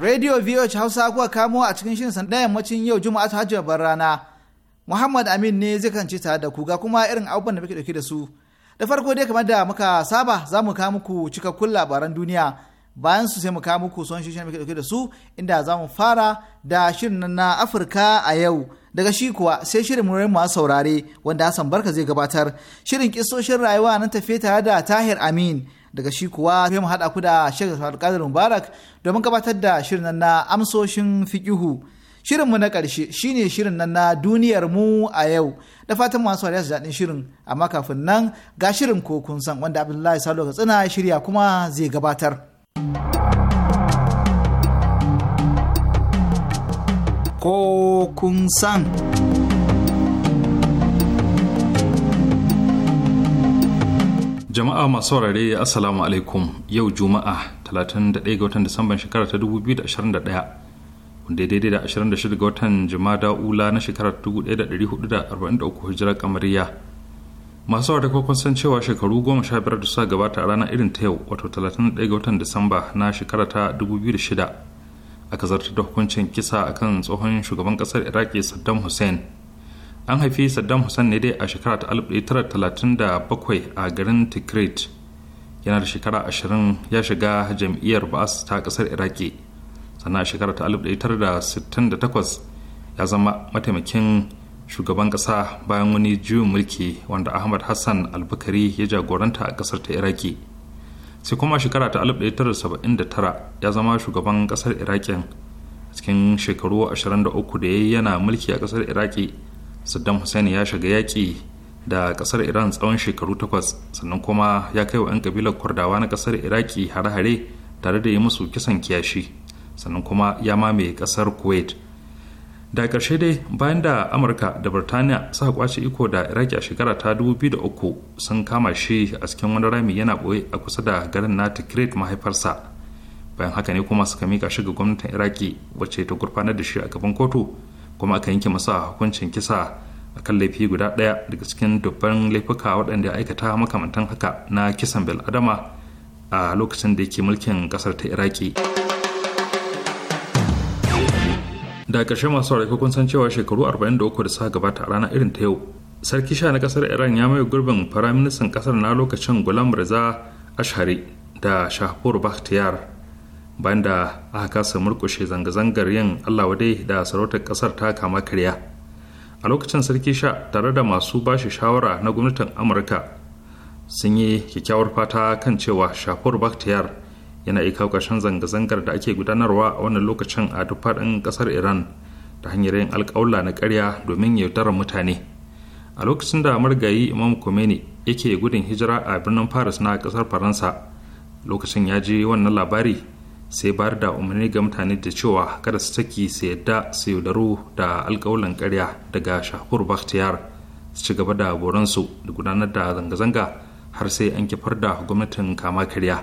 Radio VOH Hausa kuwa kamo a cikin shirin sanda yammacin yau Juma'a ta hajji babbar rana. Muhammad Amin ne zai kanci tare da ku kuma irin abubuwan da muke dauke da su. Da farko dai kamar da muka saba za mu kawo muku cikakkun labaran duniya. Bayan su sai mu kawo muku son shirin da muke dauke da su inda za mu fara da shirin na Afirka a yau. Daga shi kuwa sai shirin murmurin masu saurare wanda Hassan Barka zai gabatar. Shirin kisoshin rayuwa nan tafiye tare da Tahir Amin. daga shi kuwa sai mu haɗa ku da Sheikh Abdulkadir Mubarak domin gabatar da shirin nan na amsoshin fiqihu. Shirin mu na ƙarshe shine shirin nan na duniyar mu a yau da fatan masu wariya su daɗin shirin amma kafin nan ga shirin ko kun san wanda Abdullahi Salo tsina shirya kuma zai gabatar. Ko kun san. jama'a masu saurare assalamu alaikum yau juma'a 31 ga watan disamban shekara ta 2021 wanda ya daidai da 26 ga watan jumada ula na shekarar 1443 hijira kamariya masu saurare ko kun san cewa shekaru goma sha biyar da suka gabata a ranar irin ta yau wato 31 ga watan disamba na shekara ta 2006 aka zartar da hukuncin kisa akan tsohon shugaban kasar iraki saddam hussein an haifi saddam hussein ne dai a shekara ta 1937 a garin tikrit yana da shekara 20 ya shiga jam'iyyar ba'as ta kasar iraki sannan a shekara ta 1968 ya zama mataimakin shugaban kasa bayan wani juyin mulki wanda ahmad hassan albukari ya jagoranta a kasar ta iraki sai kuma shekara ta 1979 ya zama shugaban kasar iraki cikin shekaru 23 da ya yana mulki a kasar iraki saddam hussein ya shiga yaƙi da ƙasar iran tsawon shekaru takwas sannan kuma ya kai wa 'yan kabilar kurdawa na ƙasar iraki hare-hare tare da yi musu kisan kiyashi sannan kuma ya mamaye ƙasar kuwait da ƙarshe dai bayan da amurka da birtaniya suka kwace iko da iraki a shekara ta 2003 sun kama shi a cikin wani rami yana ɓoye a kusa da garin na tikrit mahaifarsa bayan haka ne kuma suka mika shiga gwamnatin iraki wacce ta gurfanar da shi a gaban kotu kuma aka yanke masa hukuncin kisa a kan laifi guda ɗaya daga cikin dubban laifuka waɗanda aikata makamantan haka na kisan bil'adama a lokacin da yake mulkin ƙasar ta iraki da ƙarshe masu saurari kun san cewa shekaru 43 da suka gabata a ranar irin ta yau sarki sha na ƙasar iran ya mai gurbin firaministan ƙasar na lokacin gulam reza ashari da shahpur bakhtiyar bayan da aka kasa murkushe zanga-zangar yin allah wadai da sarautar kasar ta kama karya a lokacin sarki sha tare da masu bashi shawara na gwamnatin amurka sun yi kyakkyawar fata kan cewa shafur baktiyar yana ika kawo zanga-zangar da ake gudanarwa a wannan lokacin a duk faɗin ƙasar iran ta hanyar yin alƙawla na ƙarya domin yaudarar mutane a lokacin da marigayi imam khomeini yake gudun hijira a birnin paris na ƙasar faransa lokacin ya ji wannan labari sai bayar da umarni ga mutane da cewa kada su saki su yadda su yaudaru da alkawalan karya daga shahur bakhtiyar su ci gaba da boransu da gudanar da zanga-zanga har sai an kifar da gwamnatin kama karya.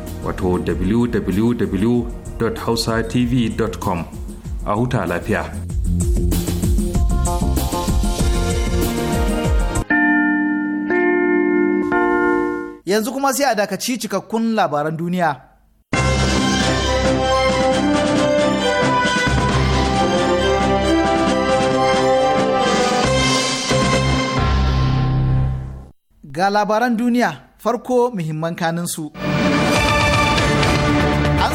wato www.hausatv.com a huta lafiya. Yanzu kuma sai a dakaci cikakkun labaran duniya. Ga labaran duniya farko muhimman kaninsu. su.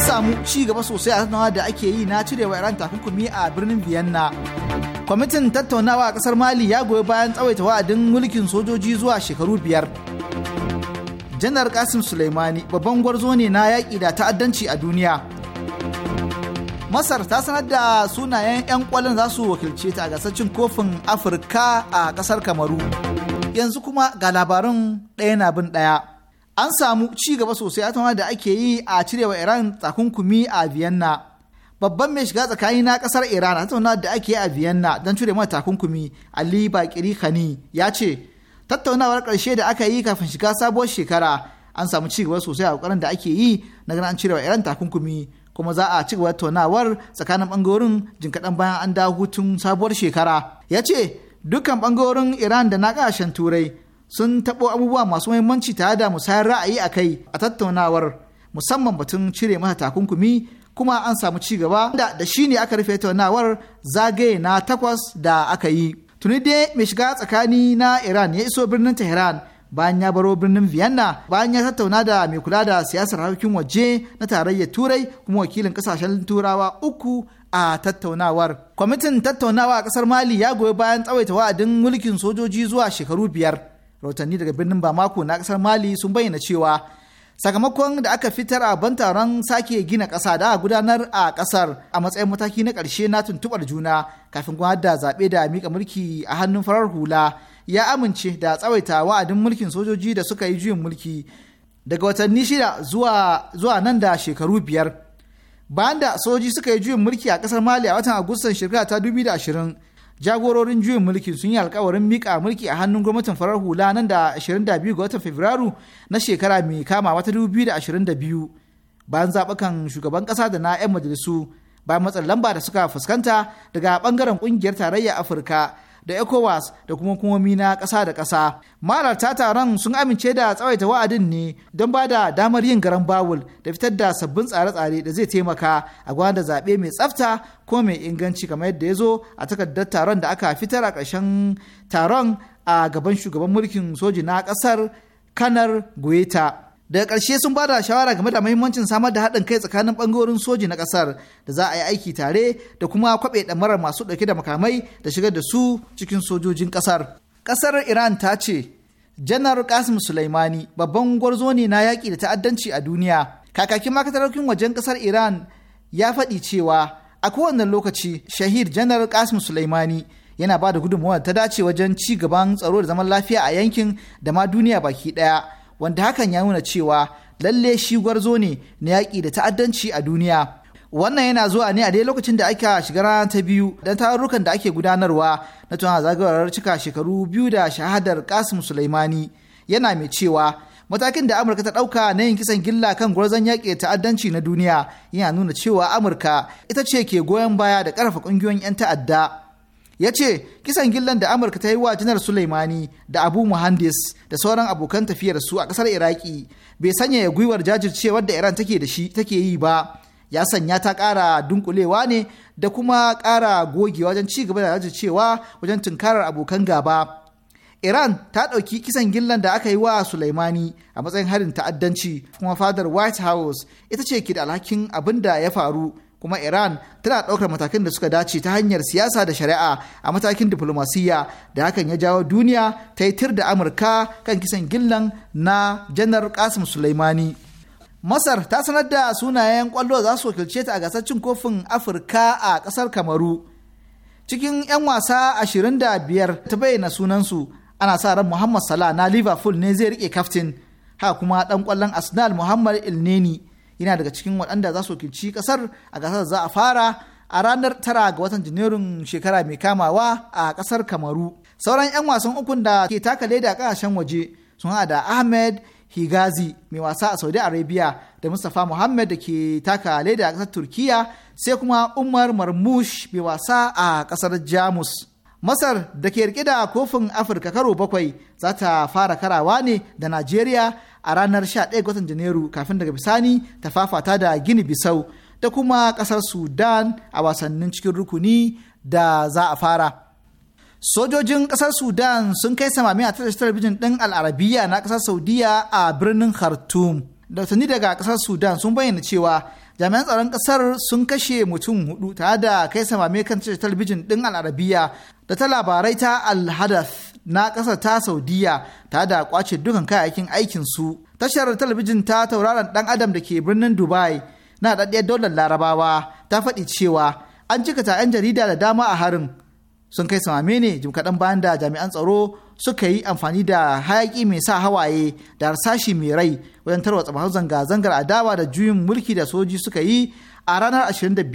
samu ci gaba sosai a tattaunawa da ake yi na cirewa Iran takunkumi a birnin Vienna. Kwamitin tattaunawa a ƙasar Mali ya goyi bayan tsawaita wa'adin mulkin sojoji zuwa shekaru biyar. Janar Kasim Suleimani babban gwarzo ne na yaƙi da ta'addanci a duniya. Masar ta sanar da sunayen 'yan kwallon za su wakilce ta a gasar kofin Afirka a ƙasar Kamaru. Yanzu kuma ga labarin ɗaya na bin ɗaya. an samu ci gaba sosai a da ake yi a cirewa iran takunkumi a vienna babban mai shiga tsakani na kasar iran a da ake yi a vienna don cire mata takunkumi ali bakiri khani ya ce tattaunawar karshe da aka yi kafin shiga sabuwar shekara an samu ci gaba sosai a kokarin da ake yi na ganin an cirewa iran takunkumi kuma za a ci gaba tattaunawar tsakanin bangarorin jin kaɗan bayan an dawo hutun sabuwar shekara ya ce dukkan bangarorin iran da na kasashen turai sun taɓo abubuwa masu muhimmanci tare da musayar ra'ayi a kai a tattaunawar musamman batun cire mata takunkumi kuma an samu ci gaba da shi ne aka rufe tattaunawar zagaye na takwas da aka yi tuni dai mai shiga tsakani na iran ya iso birnin tehran bayan ya baro birnin vienna bayan ya tattauna da mai kula da siyasar harkokin waje na tarayyar turai kuma wakilin kasashen turawa uku a tattaunawar kwamitin tattaunawa a ƙasar mali ya goyi bayan tsawaita wa'adin mulkin sojoji zuwa shekaru biyar rahotanni daga birnin bamako na kasar mali sun bayyana cewa sakamakon da aka fitar a ban taron sake gina kasa da a gudanar a kasar a matsayin mataki na karshe na tuntuɓar juna kafin gwamnati da zaɓe da miƙa mulki a hannun farar hula ya amince da tsawaita wa'adin mulkin sojoji da suka yi juyin mulki daga watanni shida zuwa, nan da shekaru biyar bayan da sojoji suka yi juyin mulki a kasar mali a watan agustan shekara ta 2020 jagororin juyin mulki sun yi alkawarin mika mulki a hannun gwamnatin farar hula nan da 22 ga watan fabrairu na shekara mai kama wata 2022 bayan zaɓukan shugaban ƙasa da na 'yan majalisu bayan matsin lamba da suka fuskanta daga ɓangaren ƙungiyar tarayyar afirka da ECOWAS da kuma hukumomi na ƙasa da ƙasa. ta taron sun amince da tsawaita wa'adin ne don ba da damar yin garan bawul da fitar da sabbin tsare-tsare da zai taimaka a gwada zaɓe mai tsafta ko mai inganci kamar yadda ya zo a takardar taron da aka fitar a ƙarshen taron a gaban shugaban mulkin soji na ƙasar kanar goyeta daga ƙarshe sun ba da shawara game da mahimmancin samar da haɗin kai tsakanin ɓangarorin soji na ƙasar da za a yi aiki tare da kuma kwaɓe ɗamarar masu ɗauke da makamai da shigar da su cikin sojojin ƙasar. ƙasar iran ta ce janar qasim sulaimani babban gwarzo ne na yaƙi da ta'addanci a duniya kakakin makatarokin wajen ƙasar iran ya faɗi cewa a kowane lokaci shahid janar qasim sulaimani yana ba da gudunmawar ta dace wajen ci gaban tsaro da zaman lafiya a yankin da ma duniya baki ɗaya wanda hakan ya nuna cewa lalle shi gwarzo ne na yaƙi da ta'addanci a duniya. Wannan yana zuwa ne a dai lokacin da aka shiga rana ta biyu don tarurrukan da ake gudanarwa na tuna zagayowar cika shekaru biyu da shahadar Kasim Sulaimani yana mai cewa matakin da Amurka ta ɗauka na yin kisan gilla kan gwarzon yaƙi ta'addanci na duniya yana nuna cewa Amurka ita ce ke goyon baya da ƙarfafa ƙungiyoyin 'yan ta'adda. ya ce kisan gillan da amurka ta yi wa janar suleimani da abu muhandis da sauran abokan tafiyar su a kasar iraki bai sanya ya gwiwar jajircewar da iran take da shi take yi ba ya sanya ta kara dunkulewa ne da kuma kara gogewa wajen ci gaba da jajircewa wajen tunkarar abokan gaba iran ta ɗauki kisan gillan da aka yi wa suleimani a matsayin harin ta'addanci kuma fadar white house ita ce ke da alhakin abin da ya faru kuma iran tana ɗaukar matakan da suka dace ta hanyar siyasa da shari'a a matakin diflomasiyya da hakan ya jawo duniya ta yi tir da amurka kan kisan gillan na janar kasim sulaimani masar ta sanar da sunayen kwallo za su wakilce ta a gasar cin kofin afirka a ƙasar kamaru cikin 'yan wasa ashirin da biyar ta bayyana sunansu ana sa ran muhammad salah na liverpool ne zai rike kaftin haka kuma ɗan ƙwallon arsenal muhammad ilneni yana daga cikin waɗanda za su wakilci ƙasar a gasar za a fara a ranar tara ga watan janairun shekara mai kamawa a ƙasar kamaru sauran 'yan wasan ukun da ke taka leda ƙasashen waje sun haɗa da ahmed higazi mai wasa a saudi arabia da mustapha muhammad da ke taka leda a ƙasar turkiya sai kuma umar marmush mai wasa a ƙasar jamus masar da ke rike da kofin afirka karo bakwai za ta fara karawa ne da najeriya a ranar 11 ga watan janairu kafin daga bisani ta fafata da gini bisau da kuma kasar sudan a wasannin cikin rukuni da za a fara sojojin kasar sudan sun kai samami a tashar talabijin ɗin al'arabiya na kasar saudiya a birnin khartoum da tuni daga kasar sudan sun bayyana cewa jami'an tsaron kasar sun kashe mutum hudu tare da kai samame kan tashar talabijin ɗin al'arabiya da ta labarai ta al-hadath na ƙasa ta saudiya ta da kwace dukan kayayyakin aikin su tashar talabijin ta tauraron dan adam da ke birnin dubai na daɗaɗɗiyar daular larabawa ta faɗi cewa an jikata 'yan jarida da dama a harin sun kai samame ne jim kaɗan bayan da jami'an tsaro suka yi amfani da hayaƙi mai sa hawaye da harsashi mai rai wajen tarwatsa masu zanga-zangar adawa da juyin mulki da soji suka yi a ranar 25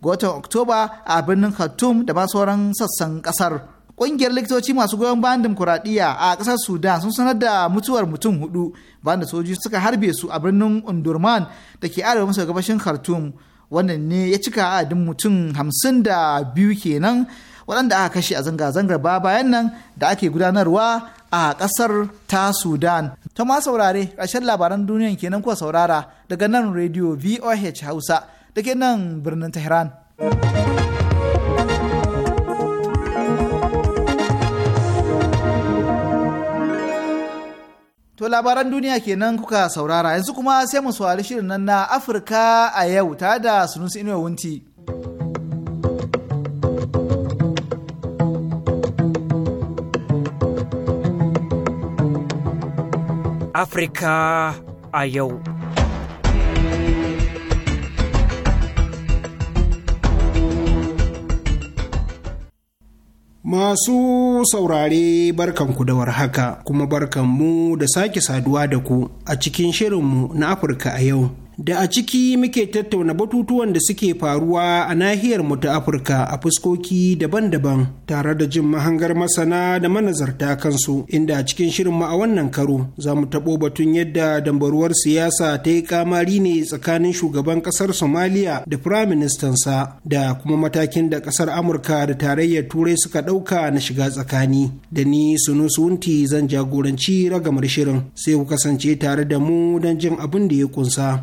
ga watan oktoba a birnin khartoum da ma sauran sassan ƙasar. Ƙungiyar likitoci masu goyon bayan demokuraɗiyya a ƙasar Sudan sun sanar da mutuwar mutum hudu bayan da sojoji suka harbe su a birnin Undurman da ke arewa maso gabashin Khartoum. Wannan ne ya cika adadin mutum hamsin da biyu kenan waɗanda aka kashe a zanga-zangar ba bayan nan da ake gudanarwa a ƙasar ta Sudan. Ta ma saurare ƙarshen labaran duniyan kenan kuwa saurara daga nan rediyo VOH Hausa da ke nan birnin Tehran. To labaran duniya kenan kuka saurara yanzu kuma sai mu saurari shirin nan na Afirka a yau tare da Sunusi Inuwa Wunti. Afirka a yau. Masu saurare barkan ku da warhaka kuma barkanmu da sake saduwa da ku a cikin shirinmu na Afirka a yau. da a ciki muke tattauna batutuwan da suke faruwa a nahiyar mu ta Afirka a fuskoki daban-daban tare da jin mahangar masana da manazarta kansu inda a cikin shirin mu a wannan karo za mu taɓo batun yadda dambaruwar siyasa ta yi kamari ne tsakanin shugaban ƙasar Somalia da Prime Minister sa da kuma matakin da ƙasar Amurka da tarayyar Turai suka ɗauka na shiga tsakani da ni Sunusu Wunti zan jagoranci ragamar shirin sai ku kasance tare da mu don jin abin da ya kunsa.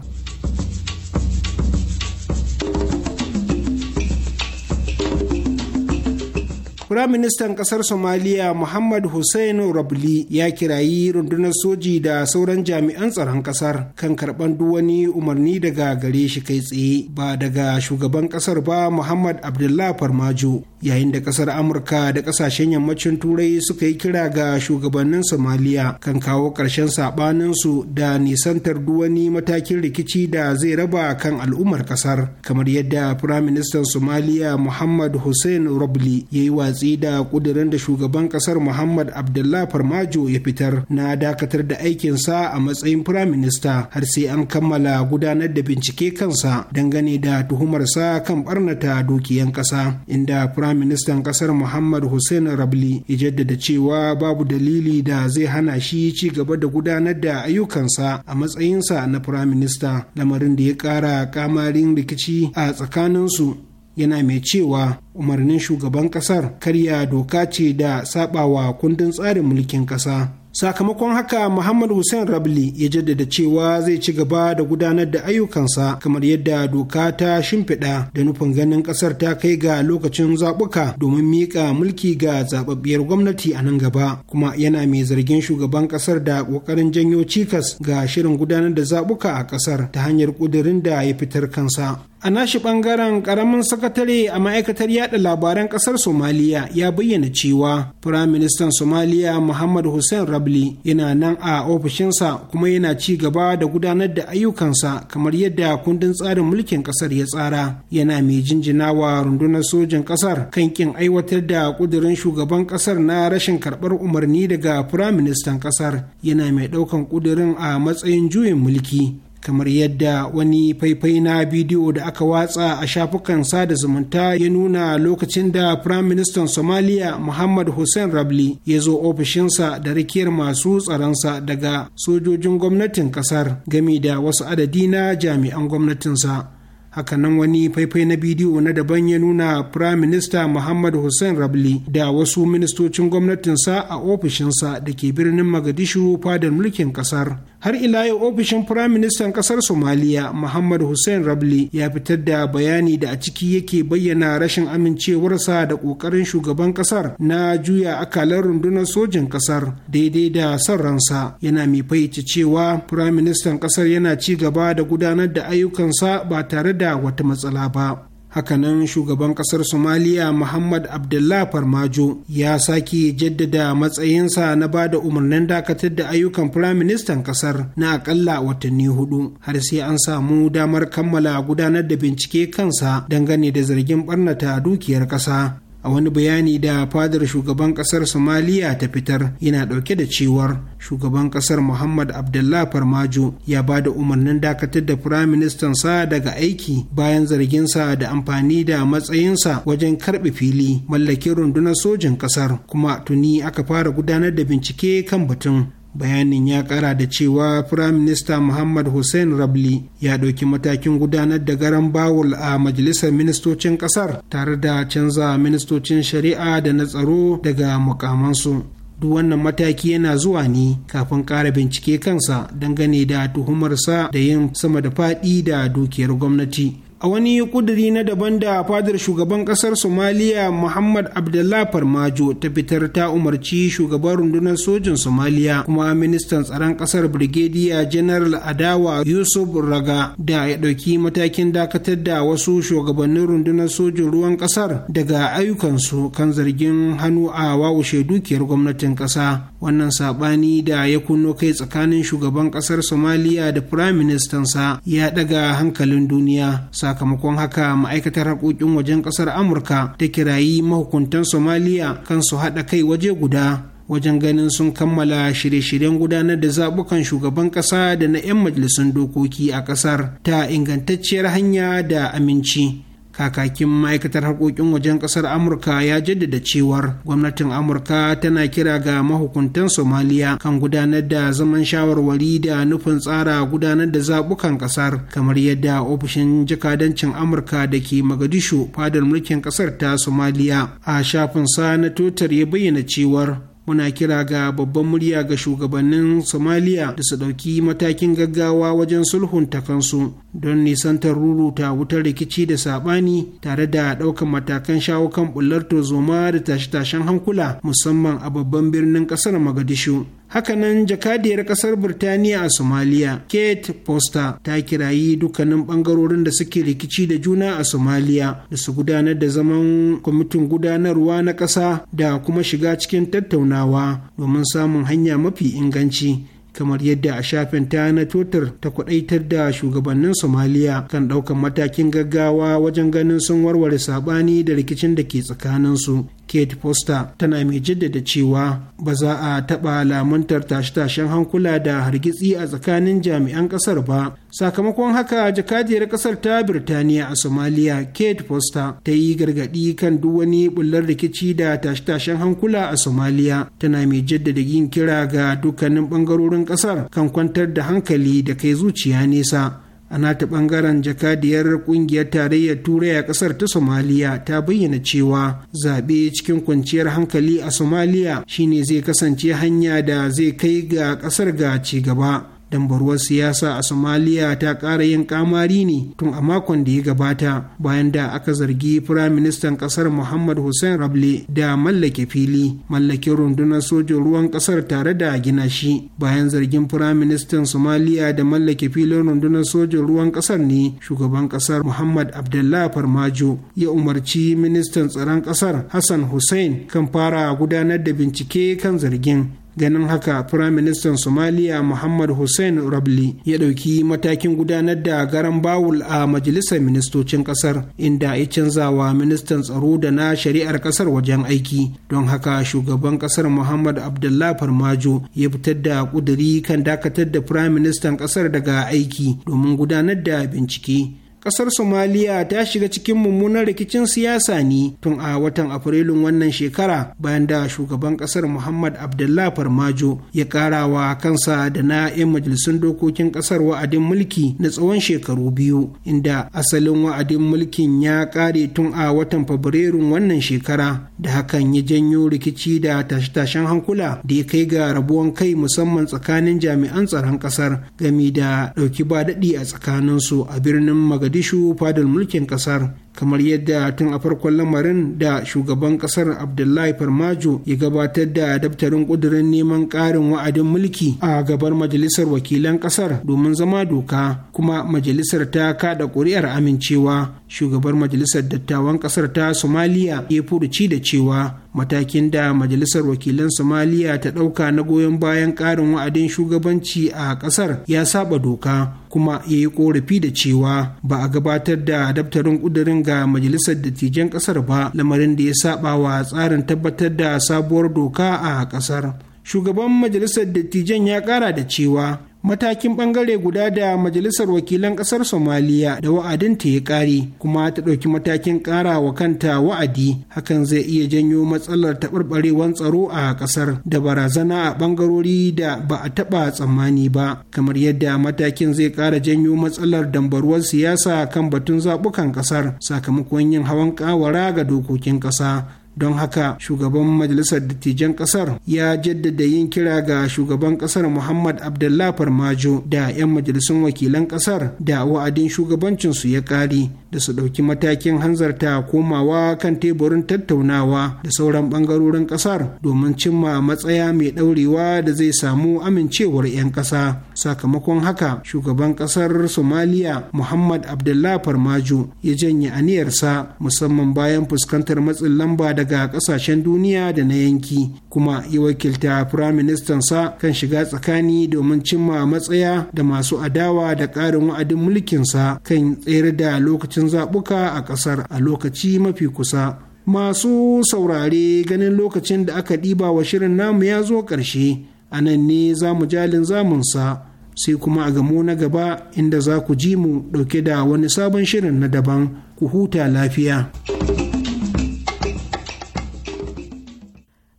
Firaministan ƙasar Somaliya Muhammad Hussein Rabli ya kirayi rundunar soji da sauran jami'an tsaron ƙasar kan karɓan duwani umarni daga gare shi kai tsaye ba daga shugaban ƙasar ba Muhammad Abdullah Farmajo yayin da ƙasar Amurka da ƙasashen yammacin Turai suka yi kira ga shugabannin Somaliya kan kawo ƙarshen saɓaninsu da nisantar duwani matakin rikici da zai raba kan al'ummar ƙasar kamar yadda Firaministan Somaliya Muhammad Hussein Rabli ya yi watsi watsi da kudirin da shugaban kasar Muhammad Abdullah Farmajo ya fitar na dakatar da aikinsa a matsayin firaminista har sai an kammala gudanar da bincike kansa dangane da tuhumarsa kan barnata dukiyan kasa inda firaministan kasar Muhammad Hussein Rabli ya jaddada cewa babu dalili da zai hana shi ci gaba da gudanar da ayyukansa a matsayinsa na firaminista lamarin da ya ƙara kamarin rikici a tsakaninsu yana mai cewa umarnin shugaban kasar karya doka ce da sabawa kundin tsarin mulkin kasa sakamakon haka muhammad hussein rabli ya jaddada cewa zai ci gaba da gudanar da ayyukansa kamar yadda doka ta shimfiɗa da nufin ganin ƙasar ta kai ga lokacin zaɓuka domin miƙa mulki ga zaɓaɓɓiyar gwamnati a nan gaba kuma yana mai zargin shugaban ƙasar da ƙoƙarin janyo cikas ga shirin gudanar da zaɓuka a ƙasar ta hanyar ƙudurin da ya fitar kansa a nashi bangaren karamin sakatare a ma'aikatar yada labaran kasar somaliya ya bayyana cewa firaministan somaliya muhammad hussein rabli yana nan a ofishinsa kuma yana ci gaba da gudanar da ayyukansa kamar yadda kundin tsarin mulkin kasar ya tsara yana mai jinjina wa rundunar sojin kasar kan kin aiwatar da kudirin shugaban kasar na rashin karbar umarni daga firaministan kasar yana mai daukan kudirin a matsayin juyin mulki kamar yadda wani faifai na bidiyo da aka watsa a shafukan sada zumunta ya nuna lokacin da Prime Minister Somalia Muhammad Hussein Rabli ya zo ofishinsa da rikiyar masu tsaronsa daga sojojin gwamnatin kasar gami da wasu adadi na jami'an gwamnatinsa. hakanan wani faifai na bidiyo na daban ya nuna Prime Minister Muhammad Hussein Rabli da wasu ministocin gwamnatinsa a ofishinsa da ke birnin Magadishu fadar mulkin kasar. har ila yau ofishin firaministan kasar somaliya muhammad hussein rabli ya fitar da bayani da a ciki yake bayyana rashin amincewarsa da kokarin shugaban kasar na juya akalar rundunar sojin kasar daidai da son ransa yana mai fahimci cewa firaministan kasar yana ci gaba da gudanar da ayyukansa ba tare da wata matsala ba hakanan shugaban kasar somaliya muhammad abdullah farmajo ya sake jaddada matsayinsa na ba da umarnin dakatar da ayyukan firaministan kasar na akalla watanni hudu har sai an samu damar kammala gudanar da bincike kansa dangane da zargin barnata dukiyar kasa a wani bayani da fadar shugaban kasar somaliya ta fitar yana dauke da cewar shugaban kasar muhammad abdullah farmajo ya ba da umarnin dakatar da firaministan sa daga aiki bayan zarginsa da amfani da matsayinsa wajen karbe fili mallakin rundunar sojin kasar kuma tuni aka fara gudanar da bincike kan batun bayanin ya kara da cewa firayim minista muhammad hussein rabli ya ɗauki matakin gudanar da garan bawul a majalisar ministocin ƙasar tare da canza ministocin shari'a da na tsaro daga mukamansu duk wannan mataki yana zuwa ne kafin ƙara bincike kansa dangane da tuhumarsa da yin sama da faɗi da dukiyar gwamnati a wani kuduri na daban da fadar shugaban kasar somaliya muhammad abdullah farmajo ta fitar ta umarci shugaban rundunar sojin somaliya kuma ministan tsaron kasar brigadier general adawa yusuf raga da ya ɗauki matakin dakatar da wasu shugabannin rundunar sojin ruwan kasar daga ayyukansu kan zargin hannu a wawushe dukiyar gwamnatin kasa wannan saɓani da ya kunno kai tsakanin shugaban kasar somaliya da firaministansa ya ɗaga hankalin duniya sakamakon haka ma'aikatar harkokin wajen kasar amurka ta kirayi mahukuntan somaliya kan su haɗa kai waje guda wajen ganin sun kammala shirye-shiryen gudanar da zabukan shugaban ƙasa da na 'yan majalisun dokoki a ƙasar ta ingantacciyar hanya da aminci kakakin ma'aikatar harkokin wajen kasar amurka ya jaddada cewar gwamnatin amurka tana kira ga mahukuntan somaliya kan gudanar da zaman shawarwari da nufin tsara gudanar da zabukan kasar kamar yadda ofishin jakadancin amurka da ke magadishu fadar mulkin kasar ta somaliya a shafin sa na totar ya bayyana cewar muna kira ga babban murya ga shugabannin somaliya da su ɗauki matakin gaggawa wajen sulhunta kansu don nisantar ruruta wutar rikici da saɓani tare da ɗaukan matakan shawo kan ɓullar tozoma da tashe-tashen hankula musamman a babban birnin ƙasar magadishu hakanan jakadiyar kasar birtaniya a somalia kate foster ta kirayi dukkanin bangarorin da suke rikici da juna a somalia da su gudanar da zaman kwamitin gudanarwa na ƙasa da kuma shiga cikin tattaunawa domin samun hanya mafi inganci kamar yadda a shafin ta na twitter ta kwadaitar da shugabannin somaliya kan daukan matakin gaggawa wajen ganin sun warware sabani da rikicin da ke tsakanin su. kate foster tana mai jaddada cewa ba za a taɓa lamuntar tashe-tashen hankula da hargitsi a tsakanin jami'an ƙasar ba sakamakon haka jakadiyar ƙasar ta birtaniya a somalia kate foster ta yi gargaɗi kan duk wani bullar rikici da tashe-tashen hankula a somalia tana mai jaddada yin kira ga dukkanin ɓangarorin ƙasar kan kwantar da hankali da kai zuciya nesa a nata bangaren jakadiyar kungiyar tarayyar turai a kasar ta somaliya ta bayyana cewa zaɓe cikin kwanciyar hankali a somaliya shine zai kasance hanya da zai kai ga ƙasar ga ci gaba dambaruwar siyasa a somaliya ta ƙara yin kamari ne tun a makon da ya gabata bayan da aka zargi firaministan ƙasar muhammad hussein rable da mallake fili mallakin rundunar sojin ruwan ƙasar tare da gina shi bayan zargin firaministan somaliya da mallake filin rundunar sojin ruwan ƙasar ne shugaban ƙasar muhammad abdullah farmajo ya umarci ministan tsaron ƙasar hassan hussein kan fara gudanar da bincike kan zargin ganin haka firaministan somaliya muhammad hussein rabli ya ɗauki matakin gudanar da garan bawul a majalisar ministocin ƙasar inda ya canzawa ministan tsaro da na shari'ar ƙasar wajen aiki don haka shugaban ƙasar muhammad abdullah farmajo ya fitar da ƙuduri kan dakatar da firaministan ƙasar daga aiki domin gudanar da bincike kasar somaliya ta shiga cikin mummunan rikicin siyasa ne tun a watan afrilun wannan shekara bayan da shugaban kasar muhammad abdullah farmajo ya karawa kansa da na 'yan majalisun dokokin kasar wa'adin mulki na tsawon shekaru biyu inda asalin wa'adin mulkin ya kare tun a watan fabrairun wannan shekara da hakan ya janyo rikici da tashe-tashen hankula da ya kai ga rabuwan kai musamman tsakanin jami'an tsaron kasar gami da dauki ba daɗi a tsakaninsu a birnin magadishu mogadishu fadar mulkin kasar kamar yadda tun a farkon lamarin da shugaban kasar abdullahi farmajo ya gabatar da daftarin kudirin neman ƙarin wa'adin mulki a gabar majalisar wakilan kasar domin zama doka kuma majalisar ta kada kuri'ar amincewa shugabar majalisar dattawan kasar ta somaliya ya furuci da cewa matakin da majalisar wakilan somaliya ta ɗauka na goyon bayan ƙarin wa'adin shugabanci a ƙasar ya saba doka kuma ya yi ƙorafi da cewa ba a gabatar da daftarin ƙudurin ga majalisar dattijan kasar ba lamarin da ya saba wa tsarin tabbatar da sabuwar doka a kasar shugaban majalisar dattijan ya kara da cewa matakin bangare guda da majalisar wakilan kasar somaliya da wa'adin ta ya kare kuma ta ɗauki matakin ƙara wa kanta wa'adi hakan zai iya janyo matsalar taɓarɓarewar tsaro a ƙasar da barazana a ɓangarori da ba a taɓa tsammani ba kamar yadda matakin zai ƙara janyo matsalar dambaruwar siyasa kan batun zaɓukan ƙasar sakamakon yin hawan ƙawara ga dokokin ƙasa don haka shugaban majalisar dattijan kasar ya jaddada yin kira ga shugaban kasar muhammad abdullah farmajo da 'yan majalisun wakilan kasar da wa'adin shugabancinsu ya kare da su ɗauki matakin hanzarta komawa kan teburin tattaunawa da sauran ɓangarorin ƙasar domin cimma matsaya mai ɗaurewa da zai samu amincewar 'yan ƙasa sakamakon haka shugaban ƙasar somaliya muhammad abdullah farmajo ya janye aniyarsa musamman bayan fuskantar matsin lamba daga ƙasashen duniya da na yanki kuma ya wakilta firaministansa kan shiga tsakani domin cimma matsaya da masu adawa da ƙarin wa'adin mulkinsa kan tsere da lokacin lokacin zaɓuka a ƙasar a lokaci mafi kusa. Masu saurare ganin lokacin da aka ɗiba wa shirin namu ya zo ƙarshe, a nan ne za mu jalin zamunsa sai kuma a gamo na gaba inda za ku ji mu ɗauke da wani sabon shirin na daban ku huta lafiya.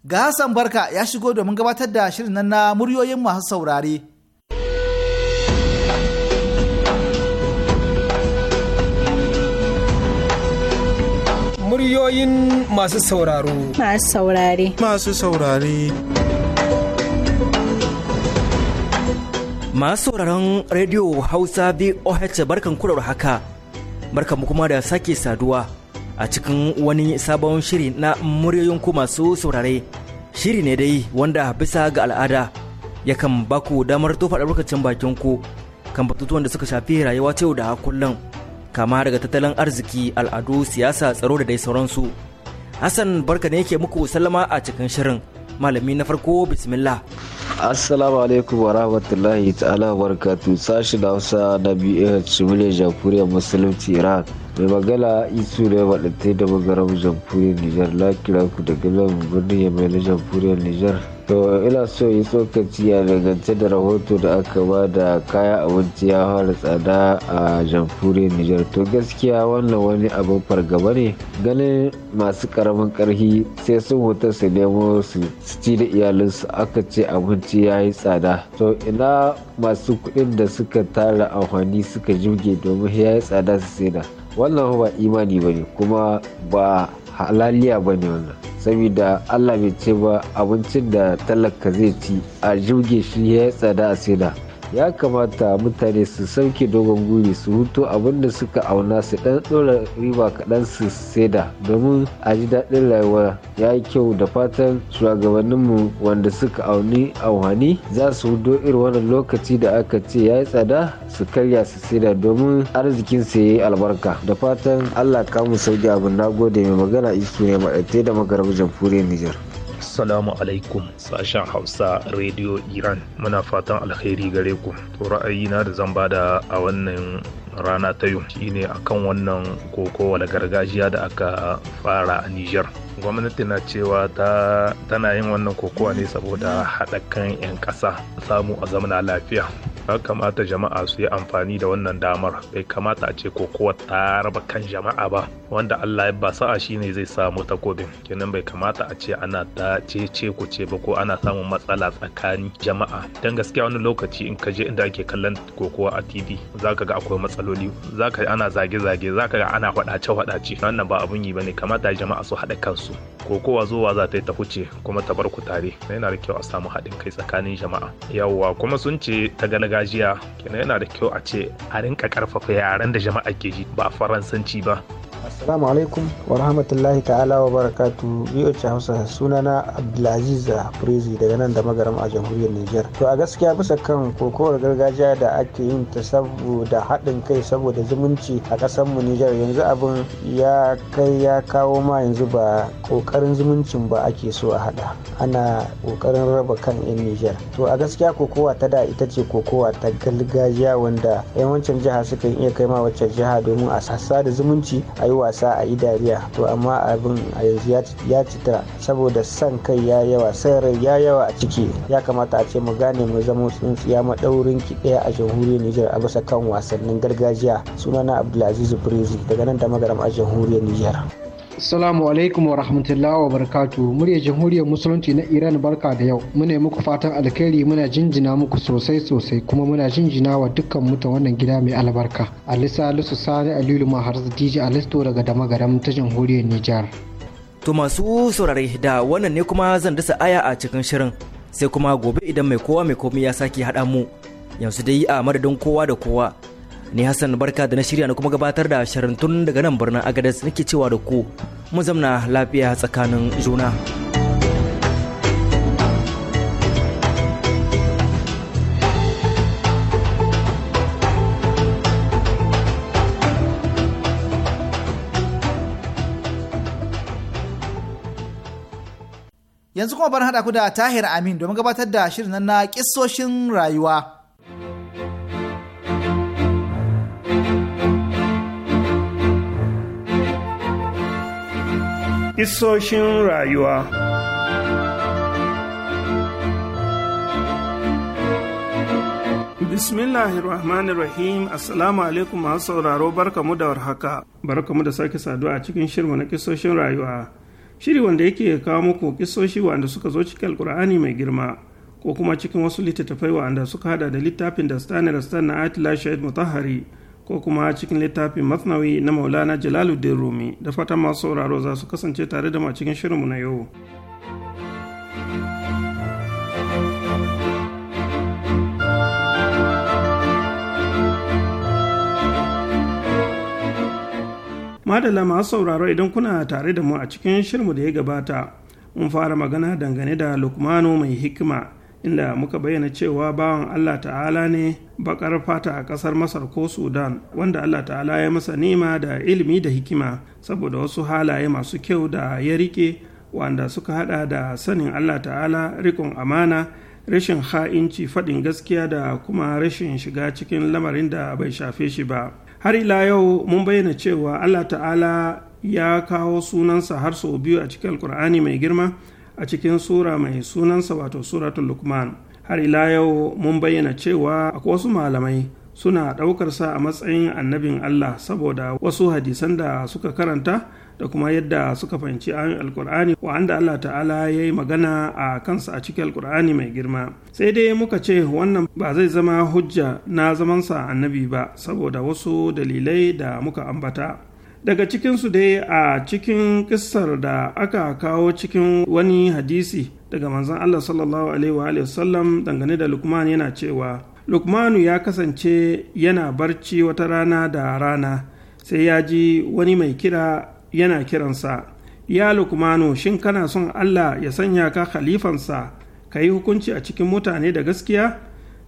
Ga Hassan Barka ya shigo domin gabatar da shirin nan na muryoyin masu saurare. Muryoyin masu sauraro. Masu saurare. Masu saurare. Masu sauraron Radio Hausa VOH barkan kurar haka. Barkan kuma da sake saduwa a cikin wani sabon shiri na muryoyin ku masu saurare. Shiri ne dai wanda bisa ga al'ada yakan baku damar tofa lokacin bakin ku kan batutuwan da suka shafi rayuwa ta yau da kullum. kama daga tattalin arziki al'adu siyasa tsaro da dai sauransu hassan barka ne yake muku sallama a cikin shirin malami na farko bismillah assalamu alaikum wa rahmatullahi ta'ala wa sashi da hausa na bh shimile jamhuriyar musulunci iran mai magana isu ne yi da magaram jamhuriyar nijar lakira da da galan ya yamai na jamhuriyar nijar to ina so yi tsokaci a dangance da rahoto da aka ba da kaya abinci ya fara tsada a jamfuri nijar to gaskiya wannan wani abin fargaba ne ganin masu karamin karhi sai sun hoto su nemo su ci da iyalinsu aka ce abinci ya yi tsada to ina masu kuɗin da suka tara amfani suka jirge domin ya yi tsada su saida wannan ba imani ba ne kuma ba halaliya ba ne wannan saboda allah bai ce ba abincin da talaka zai ci a jirge shi ya tsada a saida ya kamata mutane su sauke dogon guri su hutu abinda suka auna su dan dora riba kaɗan su saida domin a ji daɗin rayuwa ya yi kyau da fatan shugabanninmu wanda suka auni auhani za su hudo irin wannan lokaci da aka ce ya yi tsada su karya su saida domin arzikin su yi albarka da fatan allah kamu sauki abin nagode mai magana isu ne ma'aite da magarabin jamhuriyar nijar. assalamu alaikum sashen hausa radio iran muna fatan alheri gare ku to ra'ayina da zan bada a wannan rana ta yau shine akan wannan kokowa da gargajiya da aka fara a niger. gwamnati na cewa ta tana yin wannan kokowa ne saboda haɗa kan 'yan ƙasa samu a zamana lafiya ya kamata jama'a su yi amfani da wannan damar bai kamata a ce kokowa ta raba kan jama'a ba wanda allah ya ba sa'a shine zai samu takobin kenan bai kamata a ce ana ta cece ku ce ba ko ana samun matsala tsakanin jama'a dan gaskiya wani lokaci in ka je inda ake kallon kokowa a tv za ka ga akwai matsaloli Za ka ana zage-zage Za ka ga ana faɗace-faɗace wannan ba abun yi ba ne. kamata jama'a su haɗa kansu kokowa zuwa za ta yi ta huce kuma ta bar ku tare yana da kyau a samu haɗin kai tsakanin jama'a yawwa kuma sun ce ta gana gargajiya kenan yana da kyau a ce a rinka karfafa yaren da jama'a ke ji ba faransanci ba Assalamu alaikum wa rahmatullahi ta'ala wa barakatu VOC Hausa sunana Abdulaziz Prezi daga nan da magaram a jamhuriyar Nijar. To a gaskiya bisa kan kokowar gargajiya da ake yin ta saboda haɗin kai saboda zumunci a ƙasar mu Nijar yanzu abin ya kai ya kawo ma yanzu ba kokarin zumuncin ba ake so a haɗa. Ana kokarin raba kan 'yan Nijar. To a gaskiya kokowa ta da ita ce kokowa ta gargajiya wanda 'yan jiha suka iya kai ma waccan jiha domin a sassa da zumunci a yi wasa a yi dariya to amma abin a yanzu ya cita saboda san kai ya yawa san rai ya yawa a ciki ya kamata a ce mu gane mu zama tsuntsiya maɗaurin ki ɗaya a jamhuriyar Nijar a bisa kan wasannin gargajiya sunana Abdulaziz Brezi daga nan da magaram a jamhuriyar Nijar. Assalamu alaikum wa rahmatullahi wa barakatu murya jamhuriyar musulunci na Iran barka da yau muna muku fatan alkhairi muna jinjina muku sosai sosai kuma muna jinjina wa dukkan mutan wannan gida mai albarka Alisa Lusu Sani Alilu Mahar DJ Alisto daga dama Damagaram ta jamhuriyar Nijar To masu saurare da wannan ne kuma zan dasa aya a cikin shirin sai kuma gobe idan mai kowa mai komai ya sake haɗa mu yanzu dai a madadin kowa da kowa Ni Hassan barka da na shirya na kuma gabatar da shirin tun daga nan birnin Agadez nake cewa da ku mu zamna lafiya tsakanin juna. Yanzu kuma bar haɗa ku da Tahir Amin domin gabatar da shirin na kissoshin rayuwa. Isoshin rayuwa Bismillahirrahmanirrahim Assalamu alaikum masu sauraro barkamu da warhaka barkamu da sake saduwa a cikin shirma na kisoshin rayuwa shiri wanda yake kawo muku kisoshi wanda suka zo cikin alkur'ani mai girma ko kuma cikin wasu littattafai wanda suka hada da littafin da stan na atila shahid mutahari ko kuma cikin littafin masnawi na maulana jalaluddin rumi da fatan masu sauraro za su kasance tare da mu cikin shirinmu na yau madalla masu sauraro idan kuna tare da mu a cikin shirmu da ya gabata mun fara magana dangane da lukmano mai hikima inda muka bayyana cewa bawan Allah ta'ala ne bakar fata a ƙasar Masar ko Sudan wanda Allah ta'ala ya masa nima da ilimi da hikima saboda wasu halaye masu kyau da ya rike wanda suka hada da sanin Allah ta'ala rikon amana rashin ha'inci faɗin gaskiya da kuma rashin shiga cikin lamarin da bai shafe shi ba har ila yau mun bayyana cewa Allah ta'ala ya kawo sunansa har sau biyu a cikin alkur'ani mai girma a cikin sura mai sunansa wato suratul lukman har ila yau mun bayyana cewa akwai wasu malamai suna ɗaukar sa a matsayin annabin Allah saboda wasu hadisan da suka karanta da kuma yadda suka fahimci ayoyin alkur'ani wa'anda Allah ta'ala ya yi magana a kansa a cikin alkur'ani mai girma sai dai muka ce wannan ba zai zama hujja na zamansa annabi ba saboda wasu dalilai da muka ambata daga cikinsu dai a cikin ƙisar da aka kawo cikin wani hadisi daga manzon Allah sallallahu alaihi wa sallam dangane da Lukman yana cewa Lukmanu ya kasance yana barci wata rana da rana sai ya ji wani mai kira yana kiransa ya Lukmanu shin kana son Allah ya sanya ka khalifansa ka yi hukunci a cikin mutane da gaskiya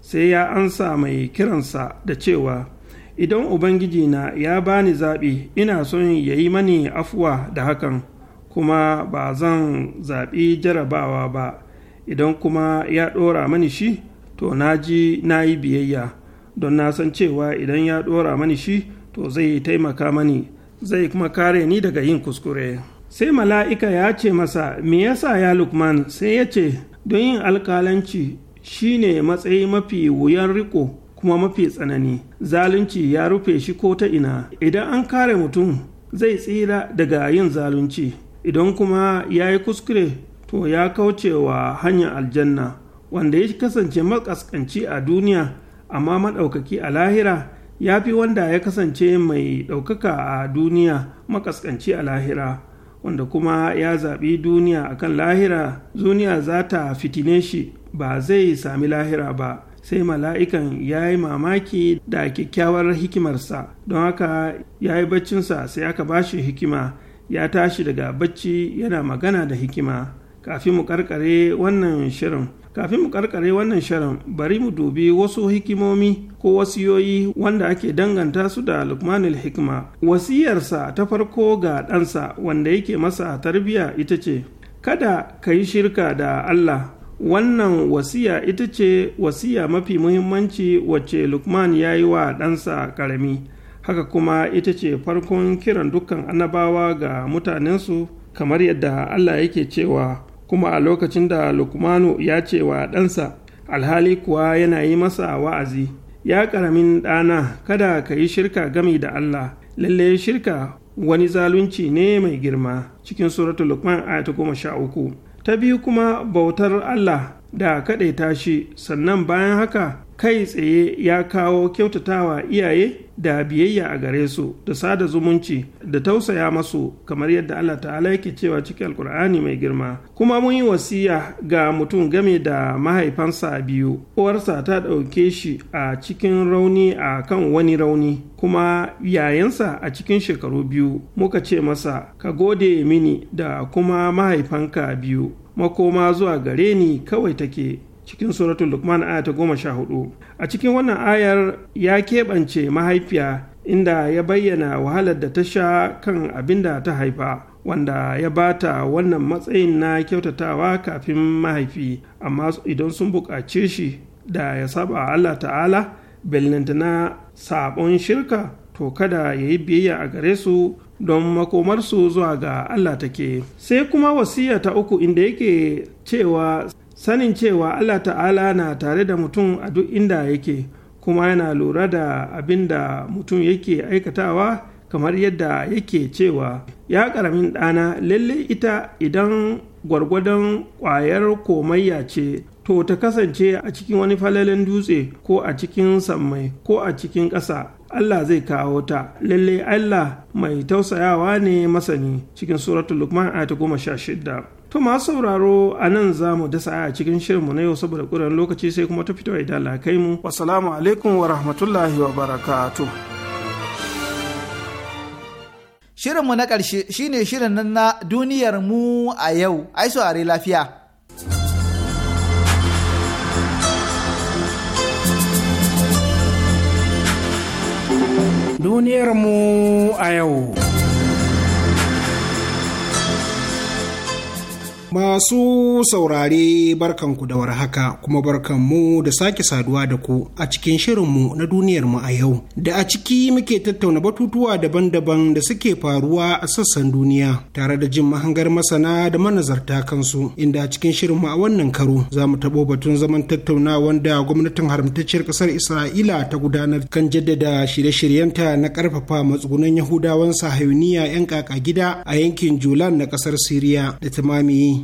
sai ya ansa mai kiransa da cewa idan ubangiji na ya bani zaɓi ina son ya yi mani afuwa da hakan kuma ba zan zaɓi jarabawa ba idan kuma ya ɗora mani shi to na ji na yi biyayya don na san cewa idan ya ɗora mani shi to zai taimaka mani zai kuma kare ni daga yin kuskure sai mala'ika ya ce masa me yasa ya lukman sai ya ce don yin alkalanci shine matsayi mafi wuyan riko kuma mafi tsanani zalunci ya rufe shi ko ta ina idan an kare mutum zai tsira daga yin zalunci idan kuma ya yi kuskure to ya kauce wa hanyar aljanna wanda ya kasance makaskanci a duniya amma maɗaukaki a lahira ya fi wanda ya kasance mai ɗaukaka a duniya makaskanci a lahira wanda kuma ya zaɓi duniya akan lahira duniya za ta fitine shi ba zai sami lahira ba sai mala'ikan ya yi mamaki da kyakkyawar hikimarsa don haka ya yi baccinsa sai aka ba shi hikima ya tashi daga bacci yana magana da hikima kafin mu karkare wannan shirin kafin mu karkare wannan shirin bari mu dubi wasu hikimomi ko wasiyoyi wanda ake danganta su da lukmanul hikima wasiyarsa ta farko ga ɗansa wanda yake masa tarbiyya ita ce kada ka yi shirka da allah wannan wasiya ita ce wasiya mafi muhimmanci wacce lukman ya yi wa ɗansa ƙarami haka kuma ita ce farkon kiran dukkan annabawa ga mutanensu kamar yadda allah yake cewa kuma a lokacin da lukmanu ya ce wa ɗansa alhali kuwa yana yi masa wa'azi ya ƙaramin ɗana kada ka yi shirka gami da allah lalle shirka wani zalunci ne mai girma cikin suratul lukman ta goma sha uku ta biyu kuma bautar Allah da kaɗaita shi sannan bayan haka kai tsaye ya kawo kyautatawa iyaye da biyayya a gare su da sada zumunci da tausaya masu kamar yadda Allah ta'ala yake cewa cikin alkur'ani mai girma kuma mun yi wasiya ga mutum game da mahaifansa biyu uwarsa ta ɗauke shi a cikin rauni a kan wani rauni kuma yayansa a cikin shekaru biyu muka ce masa ka gode mini da kuma mahaifanka biyu makoma zuwa gare ni kawai take cikin suratul lukman aya ta goma sha hudu a cikin wannan ayar ya keɓance mahaifiya inda ya bayyana wahalar da ta sha kan abin da ta haifa wanda ya bata wannan matsayin na kyautatawa kafin mahaifi amma idan sun buƙace shi da ya saba Allah ta'ala na sabon shirka to kada ya yi biyayya a gare su don makomarsu zuwa ga Allah take sai kuma wasiya ta uku inda yake cewa sanin cewa allah ta'ala na tare da mutum a duk inda yake kuma yana lura da abin da mutum yake aikatawa kamar yadda yake cewa ya karamin ɗana lalle ita idan gwargwadon ƙwayar komayya ce to ta kasance a cikin wani falalen dutse ko a cikin sammai ko a cikin ƙasa Allah zai kawo ta lalle Allah mai tausayawa ne masani cikin suratul lukman ayata goma sha shidda To masu sauraro a nan za mu dasa a cikin shirinmu na yau saboda ƙuran lokaci sai kuma ta fito idan lakai mu. Wasalamu alaikum wa rahmatullahi wa barakatu. Shirinmu na ƙarshe shine shirin nan na duniyar mu a yau, ai are lafiya. Duniyar mu a yau. Masu saurare barkanku da warhaka kuma barkanmu da sake saduwa da ku a cikin shirinmu na duniyar mu a yau. Da a ciki muke tattauna batutuwa daban-daban da suke faruwa a sassan duniya tare da jin mahangar masana da manazarta kansu inda a cikin shirinmu a wannan karo za mu taɓo batun zaman tattaunawan da gwamnatin haramtacciyar ƙasar Isra'ila ta gudanar kan jaddada shirye-shiryenta na ƙarfafa matsugunan Yahudawan sahayuniya 'yan kaka gida a yankin Julan na ƙasar Siriya da ta mamaye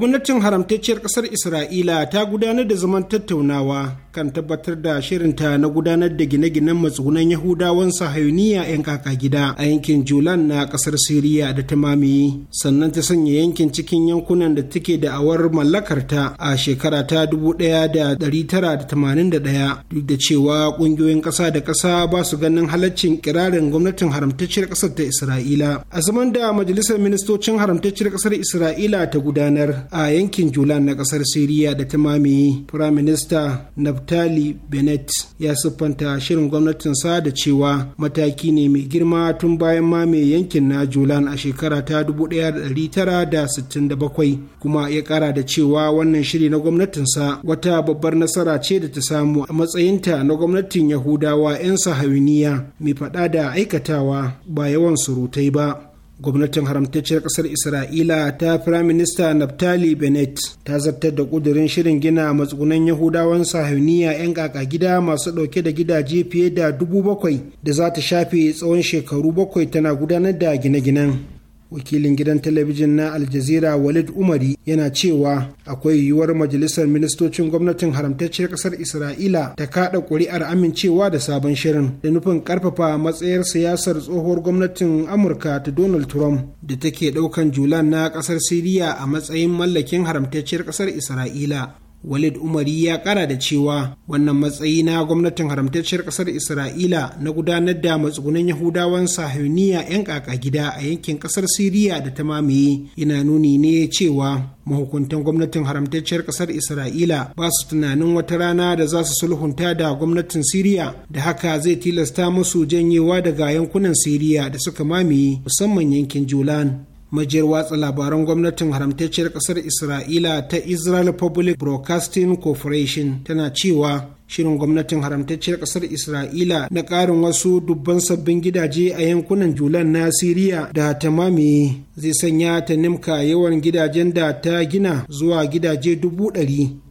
gwamnatin haramtacciyar ƙasar isra'ila ta gudanar da zaman tattaunawa kan tabbatar da shirinta na gudanar da gine-ginen matsugunan yahudawan sahayuniya 'yan kaka gida a yankin julan na ƙasar siriya da ta mamaye sannan ta sanya yankin cikin yankunan da take da awar mallakarta a shekara ta 1981 duk da cewa ƙungiyoyin ƙasa da ƙasa ba su ganin halaccin kirarin gwamnatin haramtacciyar ƙasar ta isra'ila a zaman da majalisar ministocin haramtacciyar ƙasar isra'ila ta gudanar a yankin Julan na kasar Siriya da ta mamaye. Firaminista Naftali Bennett ya siffanta shirin gwamnatinsa da cewa mataki ne mai girma tun bayan mamaye yankin na Julan a shekara ta 1967 kuma ya kara da cewa wannan shiri na sa wata babbar nasara ce da ta samu a matsayinta na gwamnatin Yahudawa 'yan sahawiniya mai fada da aikatawa ba yawan surutai ba. gwamnatin haramtacciyar kasar isra'ila ta firaminista naftali bennett ta zartar da ƙudurin shirin gina matsugunan yahudawan sahuniya 'yan kaka gida masu dauke da gidaje fiye da dubu bakwai da za ta shafe tsawon shekaru bakwai tana gudanar da gine-ginen wakilin gidan talabijin na aljazira walid umari yana cewa akwai yiwuwar majalisar ministocin gwamnatin haramtacciyar kasar isra'ila ta kada kuri'ar amincewa da sabon shirin da nufin karfafa matsayar siyasar tsohuwar gwamnatin amurka ta donald trump da take daukan julan na kasar siriya a matsayin mallakin haramtacciyar kasar isra'ila walid umari ya kara da cewa wannan matsayi na gwamnatin haramtacciyar kasar isra'ila na gudanar da matsugunan yahudawan sahuniya 'yan ƙaƙa gida a yankin ƙasar siriya da ta mamaye yana nuni ne cewa mahukuntan gwamnatin haramtacciyar kasar isra'ila ba su tunanin wata rana da za su sulhunta da gwamnatin siriya da haka zai tilasta musu janyewa daga yankunan siriya da suka mamaye musamman yankin julan majiyar watsa labaran gwamnatin haramtacciyar ƙasar isra'ila ta israel public broadcasting corporation tana cewa shirin gwamnatin haramtacciyar ƙasar isra'ila na ƙarin wasu dubban sabbin gidaje a yankunan julan na siriya da tamami zai sanya ta nimka yawan gidajen da ta gina zuwa gidaje dubu ɗari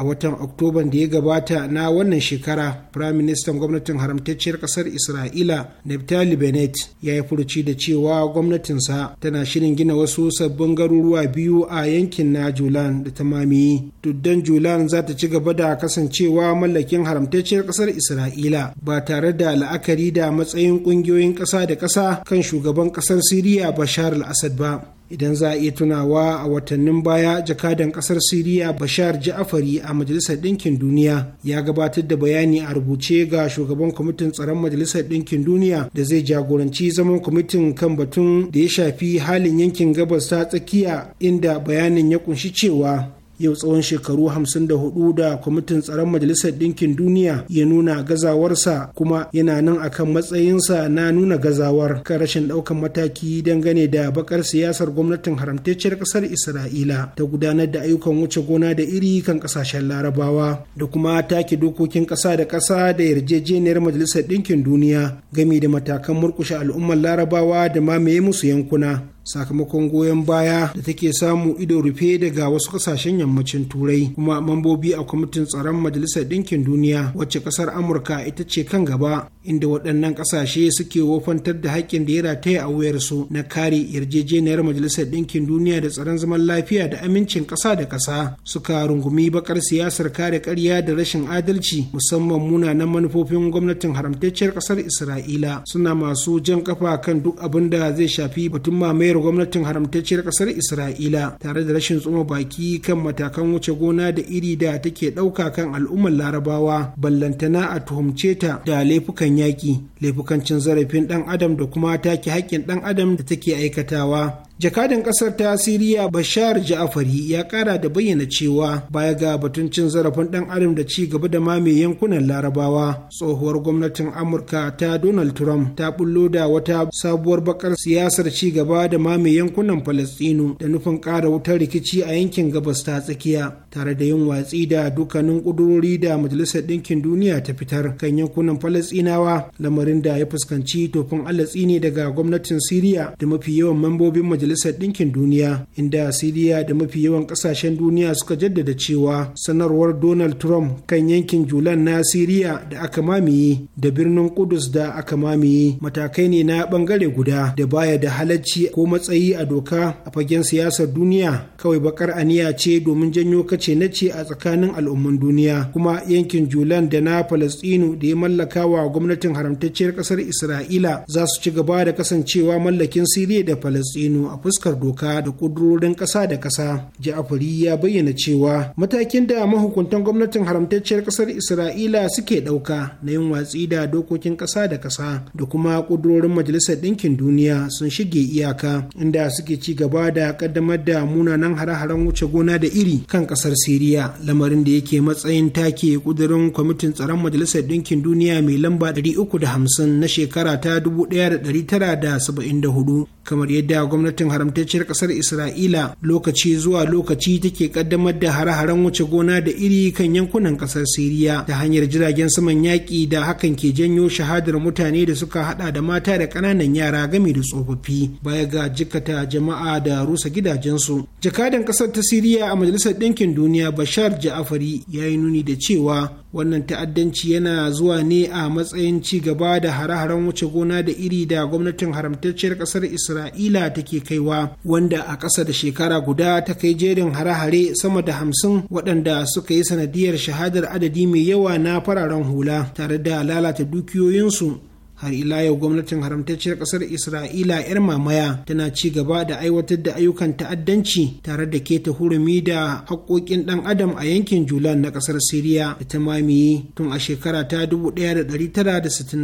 a watan oktoban da ya gabata na wannan shekara firaministan gwamnatin haramtacciyar kasar isra'ila naftali bennett ya yi furuci da cewa gwamnatinsa tana shirin gina wasu sabbin garuruwa biyu a yankin na julan da ta mamiyi tuddan julan za ta ci gaba da kasancewa mallakin haramtacciyar kasar isra'ila ba tare da la'akari da matsayin kungiyoyin kasa da kasa kan shugaban ƙasar siriya bashar al-assad ba idan za a iya tunawa a watannin baya jakadan kasar siriya bashar ja'afari a majalisar ɗinkin duniya ya gabatar da bayani a rubuce ga shugaban kwamitin tsaron majalisar ɗinkin duniya da zai jagoranci zaman kwamitin kan batun da ya shafi halin yankin gabas ta tsakiya inda bayanin ya kunshi cewa yau tsawon shekaru 54 da kwamitin tsaron majalisar ɗinkin duniya ya nuna gazawarsa kuma yana nan akan matsayinsa na nuna gazawar kan rashin ɗaukan mataki dangane da bakar siyasar gwamnatin haramtacciyar ƙasar isra'ila ta gudanar da ayyukan wuce gona da iri kan ƙasashen larabawa da kuma take dokokin ƙasa da ƙasa da yarjejeniyar majalisar ɗinkin duniya game da matakan murƙushe al'ummar larabawa da mamaye musu yankuna sakamakon goyon baya da take samu ido rufe daga wasu kasashen yammacin turai kuma mambobi a kwamitin tsaron majalisar ɗinkin duniya wacce ƙasar amurka ita ce kan gaba inda waɗannan ƙasashe suke wofantar da haƙƙin da ya rataya a wuyarsu na kare yarjejeniyar majalisar ɗinkin duniya da tsaron zaman lafiya da amincin ƙasa da ƙasa suka rungumi bakar siyasar kare ƙarya da rashin adalci musamman muna na manufofin gwamnatin haramtacciyar ƙasar isra'ila suna masu jan ƙafa kan duk abin da zai shafi batun mamaye mamayar gwamnatin haramtacciyar kasar isra'ila tare da rashin tsuma baki kan matakan wuce gona da iri da take ɗauka kan al'ummar larabawa ballantana a tuhumce ta da laifukan yaƙi laifukan cin zarafin ɗan adam da kuma take haƙƙin ɗan adam da take aikatawa jakadan kasar ta siriya bashar ja'afari ya kara da bayyana cewa baya ga batun cin zarafin dan adam da ci gaba da mame yankunan larabawa tsohuwar gwamnatin amurka ta donald trump ta bullo da wata sabuwar bakar siyasar ci gaba da mame yankunan falastinu da nufin kara wutar rikici a yankin gabas ta tsakiya tare da yin watsi da dukkanin kudurori da majalisar ɗinkin duniya ta fitar kan yankunan falastinawa lamarin da ya fuskanci tofin alatsi ne daga gwamnatin siriya da mafi yawan mambobin majalisar majalisar ɗinkin duniya inda siriya da mafi yawan ƙasashen duniya suka jaddada cewa sanarwar donald trump kan yankin julan na siriya da aka mamaye da birnin kudus da aka mamaye matakai ne na ɓangare guda da baya da halacci ko matsayi a doka a fagen siyasar duniya kawai bakar aniya ce domin janyo kace na ce a tsakanin al'umman duniya kuma yankin julan da na falastinu da ya mallaka wa gwamnatin haramtacciyar ƙasar isra'ila za su ci gaba da kasancewa mallakin siriya da falastinu a fuskar doka da ƙudurorin ƙasa da ƙasa ja'afari ya bayyana cewa matakin da mahukuntan gwamnatin haramtacciyar ƙasar isra'ila suke ɗauka na yin watsi da dokokin ƙasa da ƙasa da kuma ƙudurorin majalisar ɗinkin duniya sun shige iyaka inda suke ci gaba da ƙaddamar da munanan hare-haren wuce gona da iri kan ƙasar siriya lamarin da yake matsayin take ƙudurin kwamitin tsaron majalisar ɗinkin duniya mai lamba 350 na shekara ta 1974 kamar yadda gwamnatin haramtacciyar kasar isra'ila lokaci zuwa lokaci take kaddamar da hare-haren wuce gona da iri kan yankunan kasar siriya ta hanyar jiragen saman yaƙi da hakan ke janyo shahadar mutane da suka hada da mata da ƙananan yara game da tsofaffi baya ga jikata jama'a da rusa gidajensu jakadan kasar ta siriya a majalisar ɗinkin duniya bashar ja'afari ya yi nuni da cewa wannan ta'addanci yana zuwa ne a matsayin ci gaba da hare-haren wuce gona da iri da gwamnatin haramtacciyar kasar isra'ila take kaiwa wanda a ƙasa da shekara guda ta kai jerin hare-hare sama da hamsin waɗanda suka yi sanadiyar shahadar adadi mai yawa na fararen hula tare da lalata dukiyoyinsu har ila yau gwamnatin haramtacciyar ƙasar isra'ila yar mamaya tana ci gaba da aiwatar da ayyukan ta'addanci tare da keta hurumi da haƙoƙin ɗan adam a yankin julan na ƙasar siriya da ta mamaye tun a shekara ta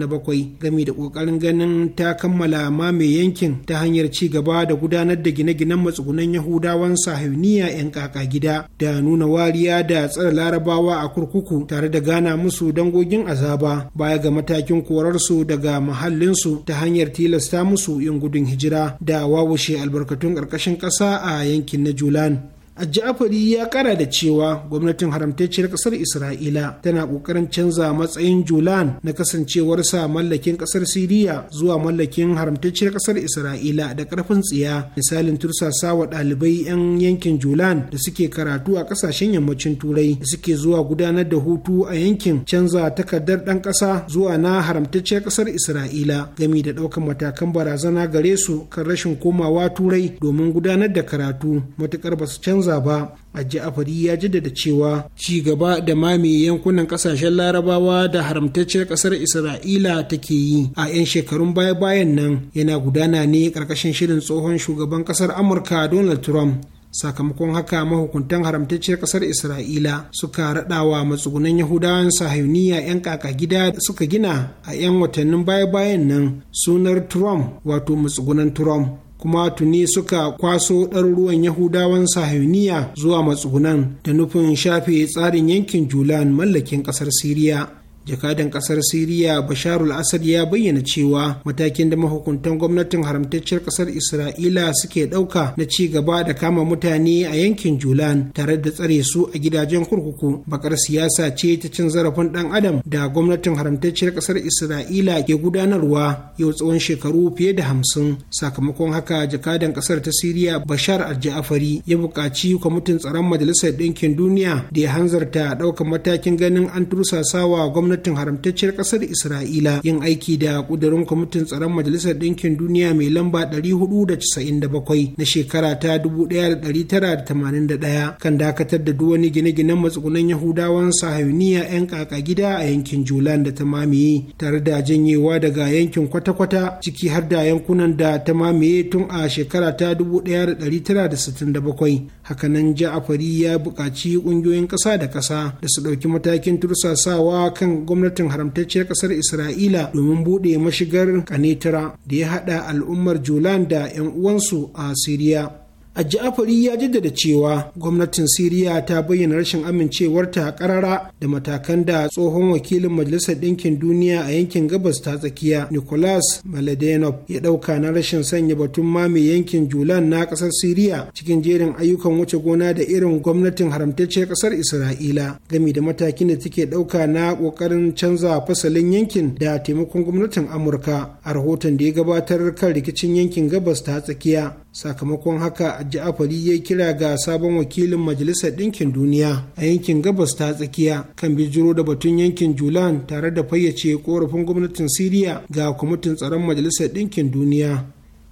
bakwai gami da ƙoƙarin ganin ta kammala mamaye yankin ta hanyar ci gaba da gudanar da gine-ginen matsugunan yahudawan sahiniya 'yan kaka gida da nuna wariya da tsare larabawa a kurkuku tare da gana musu dangogin azaba baya ga matakin korarsu daga daga muhallinsu ta hanyar tilasta musu yin gudun hijira da wawushe albarkatun ƙarƙashin ƙasa a yankin na Julan. Ja'afari ya kara da cewa gwamnatin haramtacciyar ƙasar Isra'ila tana ƙoƙarin canza matsayin Julan na kasancewarsa mallakin ƙasar Siriya zuwa mallakin haramtacciyar ƙasar Isra'ila da ƙarfin tsiya misalin tursasa wa ɗalibai 'yan yankin Julan da suke karatu a ƙasashen yammacin Turai da suke zuwa gudanar da hutu a yankin canza takardar ɗan ƙasa zuwa na haramtacciyar ƙasar Isra'ila gami da ɗaukan matakan barazana gare su kan rashin komawa Turai domin gudanar da karatu matukar ba su canza canza ba a ja'afari ya jaddada cewa ci gaba da mamaye yankunan kasashen larabawa da haramtacciyar kasar isra'ila take yi a 'yan shekarun baya-bayan nan yana gudana ne karkashin shirin tsohon shugaban kasar amurka donald trump sakamakon haka mahukuntan haramtacciyar kasar isra'ila suka raɗawa matsugunan yahudawan sahayuniya 'yan kaka gida suka gina a 'yan watannin baya-bayan nan sunar trump wato matsugunan trump kuma tuni suka kwaso ɗaruruwan yahudawan sahiyuniya zuwa matsugunan da nufin shafe tsarin yankin julan mallakin ƙasar siriya jakadan kasar siriya basharul asad ya bayyana cewa matakin da mahukuntan gwamnatin haramtacciyar kasar isra'ila suke ɗauka na ci gaba da kama mutane a yankin julan tare da tsare su a gidajen kurkuku bakar siyasa ce ta cin zarafin ɗan adam da gwamnatin haramtacciyar kasar isra'ila ke gudanarwa yau tsawon shekaru fiye da hamsin sakamakon haka jakadan kasar ta siriya bashar al-ja'afari ya buƙaci kwamitin tsaron majalisar ɗinkin duniya da ya hanzarta ɗaukar matakin ganin an tursasawa gwamnati gwamnatin haramtacciyar kasar isra'ila yin aiki da kudurin kwamitin tsaron majalisar Dinkin duniya mai lamba 497 na shekara ta 1981 kan dakatar da duk wani gine-ginen matsugunan yahudawan sahayuniya 'yan kaka gida a yankin julan da ta mamaye tare da janyewa daga yankin kwata-kwata ciki har da yankunan da ta mamaye tun a shekara ta 1967 hakanan ja'afari ya buƙaci ƙungiyoyin ƙasa da ƙasa da su ɗauki matakin tursasawa kan gwamnatin haramtacciyar ƙasar isra'ila domin buɗe mashigar kanetara da ya haɗa al'ummar julan da 'yan uwansu a siriya a Ja'afari ya jaddada cewa gwamnatin Siriya ta bayyana rashin amincewarta karara da matakan da tsohon wakilin Majalisar Ɗinkin Duniya a yankin Gabas ta Tsakiya Nicholas Maladenov ya ɗauka na rashin sanya batun mame yankin Julan na ƙasar Siriya cikin jerin ayyukan wuce gona da irin gwamnatin haramtacce ƙasar Isra'ila gami da matakin da take ɗauka na ƙoƙarin canza fasalin yankin da taimakon gwamnatin Amurka a rahoton da ya gabatar kan rikicin yankin Gabas ta Tsakiya sakamakon haka ja'afari ya kira ga sabon wakilin majalisar ɗinkin duniya a yankin gabas ta tsakiya kan bijiro da batun yankin julan tare da fayyace korafin gwamnatin siriya ga kwamitin tsaron majalisar ɗinkin duniya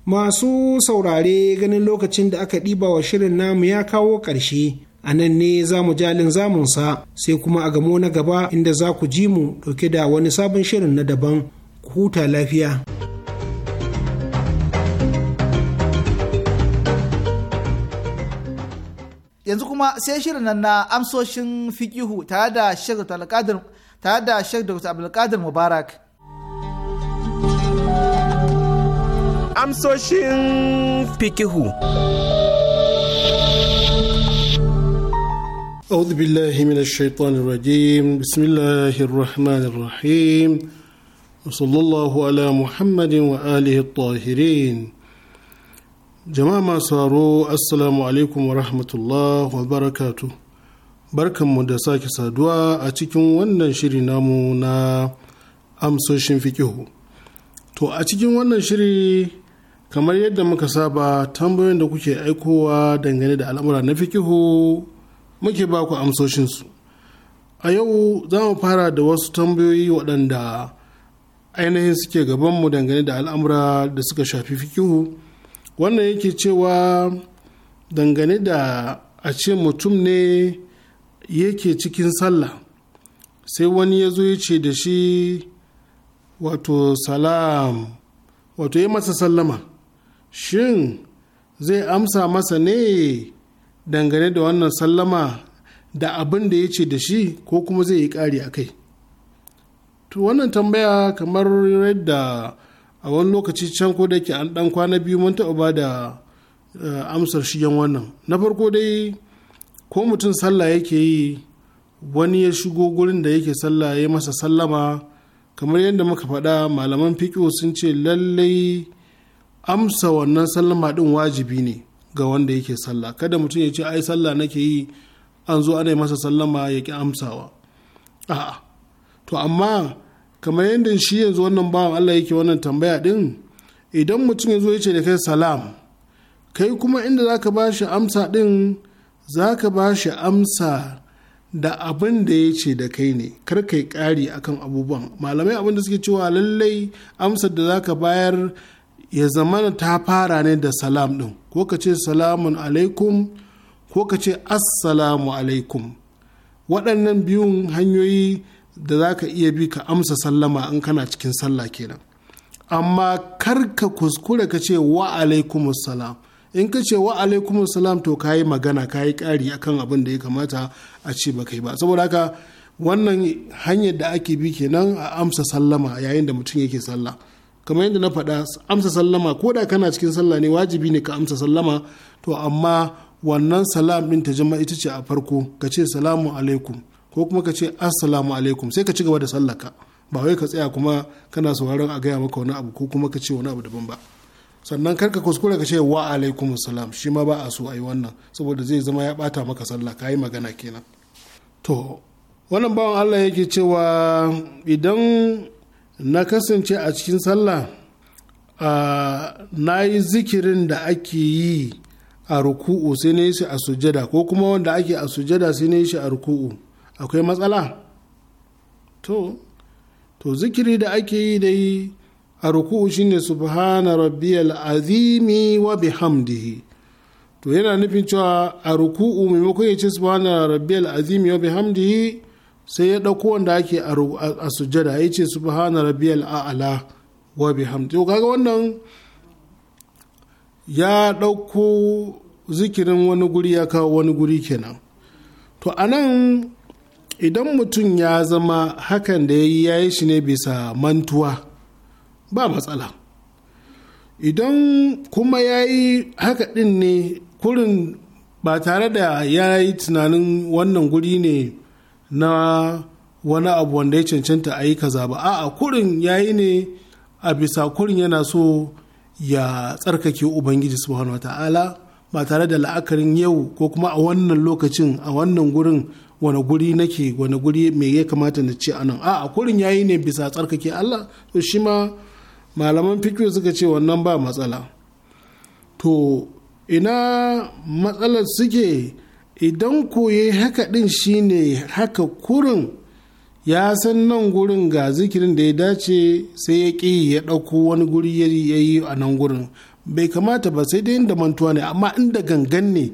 masu saurare ganin lokacin da aka ɗiba wa shirin namu ya kawo ƙarshe a nan ne za mu jalin zamunsa sai kuma a gamo na gaba inda za ku ji mu ɗauke da wani sabon shirin na daban ku huta lafiya. yanzu kuma sai shirin nan na amsoshin fikihu tare da Sheikh Abdulkadir tare da Sheikh Dr. Abdulkadir Mubarak amsoshin fikihu أعوذ بالله من الشيطان الرجيم بسم الله الرحمن الرحيم وصلى الله على محمد وآله الطاهرين jama'a masu haro assalamu alaikum wa rahmatullah wa barakatu barkanmu da sake saduwa a cikin wannan shiri namu na amsoshin fikihu to a cikin wannan shiri kamar yadda muka saba tambayoyin da kuke aikowa dangane da al'amura na fikihu muke ba ku amsoshinsu a yau za mu fara da wasu tambayoyi waɗanda ainihin suke gabanmu dangane da al'amura da suka shafi fikihu wannan yake cewa dangane da a ce mutum ne yake cikin sallah sai wani ya zo ya ce da shi wato salam wato ya masa sallama shin zai amsa masa ne dangane da wannan sallama da abin da ya ce da shi ko kuma zai yi kari a kai to wannan tambaya kamar yadda a wani lokaci can ko da yake an dan kwana biyu mun taɓa ba da eh, amsar shigen wannan na farko dai ko mutum sallah yake yi wani ya shigo gurin da yake sallah ya masa sallama kamar yadda muka faɗa malaman fiƙo sun ce lallai amsa wannan sallama ɗin wajibi ne ga wanda yake sallah kada mutum ya ce ai sallah nake yi an zo ana masa sallama ya ki amsawa a'a to amma kamar yadda shi yanzu wannan bawan Allah yake wannan tambaya din idan mutum ya zo ya ce da kai salam kai kuma inda za ka ba shi amsa din za ka ba shi amsa da abin da ya ce da kai ne kar kai ƙari akan abubuwan malamai abin da suke cewa lallai amsar da za ka bayar ya zama ta fara ne da salam din ko ka ce salamun alaikum ko ka ce assalamu alaikum waɗannan biyun hanyoyi da za ka iya bi ka amsa sallama in kana cikin sallah kenan amma kar ka kuskure ka ce wa alaikum salam in ka ce wa alaikum salam to ka yi magana ka yi ƙari akan abin da ya kamata a ce ba kai ba saboda haka wannan hanyar da ake bi kenan a amsa sallama yayin da mutum yake sallah kamar yadda na faɗa amsa sallama ko da kana cikin sallah ne wajibi ne ka amsa sallama to amma wannan salam ɗin ta jama ita ce a farko ka ce salamu alaikum ko kuma ka ce assalamu alaikum sai ka ci gaba da sallaka ba wai ka tsaya kuma kana sauraron a gaya maka wani abu ko kuma ka ce wani abu daban ba sannan karka kuskure ka ce wa alaikum salam shi ma ba a so a yi wannan saboda zai zama ya bata maka sallah ka yi magana kenan to wannan bawan allah yake cewa idan na kasance a cikin sallah na yi zikirin da ake yi a ruku'u sai na yi shi a sujada ko kuma wanda ake a sujada sai na yi shi a ruku'u akwai matsala to to zikiri da ake yi da yi, a ruku'u shine subhana rabbiyal azimi wa bihamdihi to yana nufin cewa a ruku'u maimakon ya ce subhana rabbiyal azimi wa bihamdihi sai ya ɗauko wanda ake a sujada ya ce subhana rabbiyal a'ala wa bihamdihi to kaga wannan ya ɗauko zikirin wani guri ya kawo wani guri kenan to anan idan mutum ya zama hakan da ya yi ya yi shi ne bisa mantuwa ba matsala idan kuma ya yi haka ɗin ne kurin ba tare da ya yi tunanin wannan guri ne na wani abu wanda ya cancanta a yi kaza ba a'a kurin ya yi ne a bisa kurin yana so ya tsarkake ubangiji subhanahu wa ta'ala ba tare da la'akarin yau ko kuma a wannan lokacin a wannan gurin wani guri nake wani guri me ya kamata na ce anan a a kurin yayi ne bisa tsarkake Allah to shi ma malaman fikiyo suka ce wannan ba matsala to ina matsalar suke idan koye haka din shine haka kurin ya san nan gurin ga zikirin da ya dace sai ya ƙi ya ɗauko wani guri ya yi a nan gurin bai kamata ba sai dai inda mantuwa ne amma inda gangan ne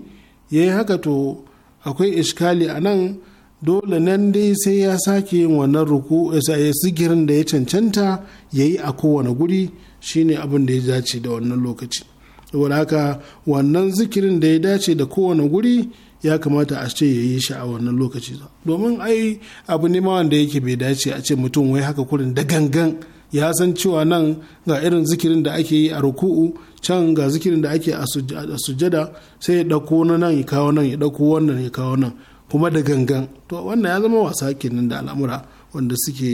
ya yi haka to akwai iskali a nan dole nan dai sai ya sake yin wannan ruku zikirin eh, da ya cancanta ya yi a kowane guri shine abin da ya dace da wannan lokaci saboda haka wannan zikirin da ya dace da kowane guri ya kamata a ce ya yi shi a wannan lokaci domin ai abu ne ma wanda yake bai dace a ce mutum wai haka kurin da gangan ya san cewa nan ga irin zikirin da ake yi a ruku'u can ga zikirin da ake a sujada sai ya ɗauko na nan ya kawo nan ya ɗauko wannan ya kawo nan kuma da gangan to wannan ya zama wasa kenan da al'amura wanda suke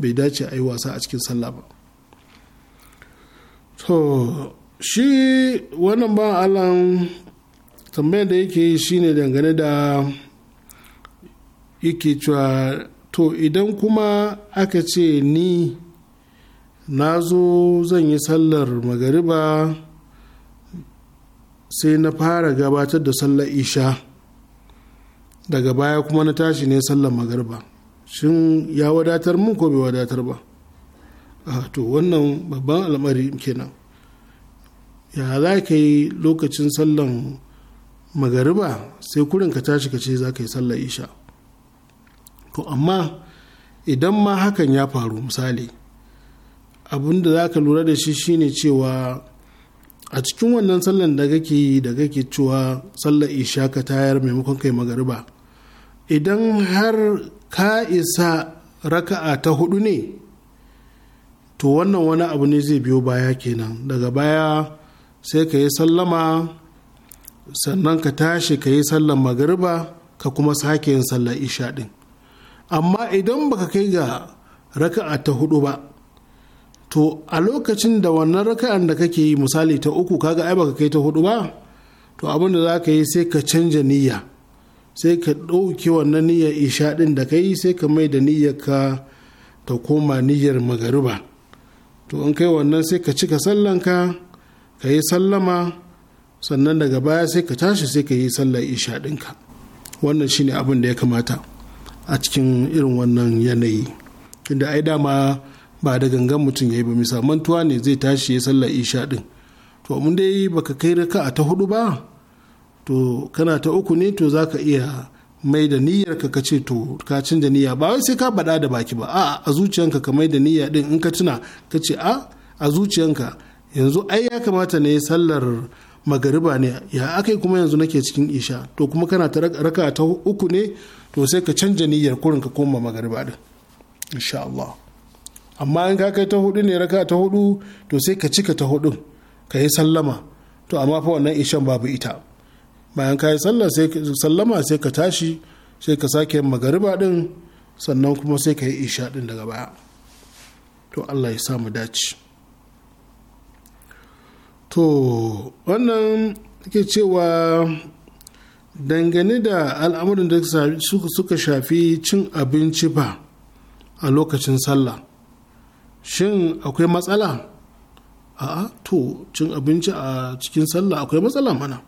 bai dace a yi wasa a cikin sallah ba to shi wannan ba alan tambayar da yake yi shine dangane da yake cewa to idan kuma aka ce ni na zo zan yi sallar magariba sai na fara gabatar da sallar isha daga baya kuma na tashi ne sallar magariba shin ya wadatar mun ko bai wadatar ba a to wannan babban al'amari kenan ya za ka yi lokacin sallar magariba sai kurin ka tashi ka ce za ka yi sallar isha to amma idan ma hakan ya faru misali abin da za ka lura da shi shine cewa a cikin wannan sallan da kake yi da kake cewa sallar isha ka tayar maimakon kai magariba idan har ka isa raka'a ta hudu ne to wannan wani abu ne zai biyo baya kenan daga baya sai ka yi sallama sannan ka tashi ka yi sallar magariba ka kuma sake yin sallar isha din amma idan baka kai ga raka'a ta hudu ba to a lokacin da wannan raka'an da kake yi misali ta uku kaga ai baka kai ta hudu ba to abin da za ka yi sai ka canja niyya sai ka ɗauke wannan niyyar isha ɗin da ka sai ka mai da niyyar ka ta koma niyyar magariba to in kai wannan sai ka cika sallanka ka yi sallama sannan daga baya sai ka tashi sai ka yi sallar isha ka wannan shine abin da ya kamata a cikin irin wannan yanayi tunda ai dama ba da gangan mutum ya yi ba misa mantuwa ne zai tashi ya sallar isha din to mun dai baka kai raka a ta hudu ba to kana ta uku ne to za iya mai da niyyar ka kace to ka canza niyya ba wai sai ka bada da baki ba a a zuciyanka ka mai da niyya din in ka tuna ka ce a a zuciyanka yanzu ai ya kamata ne sallar magariba ne ya akai kuma yanzu nake cikin isha to kuma kana ta raka ta uku ne to sai ka canja niyyar kurin ka koma magariba din insha Allah amma in ka kai ta hudu ne raka ta hudu to sai ka cika ta hudun ka yi sallama to amma fa wannan ishan babu ita bayan ka yi sallama sai ka tashi sai ka sake magariba din sannan kuma sai ka yi isha din daga baya to allah ya samu dace to wannan ke cewa dangane da al'amuran da suka shafi cin abinci ba a lokacin sallah shin akwai matsala a to cin abinci a cikin sallah akwai matsala mana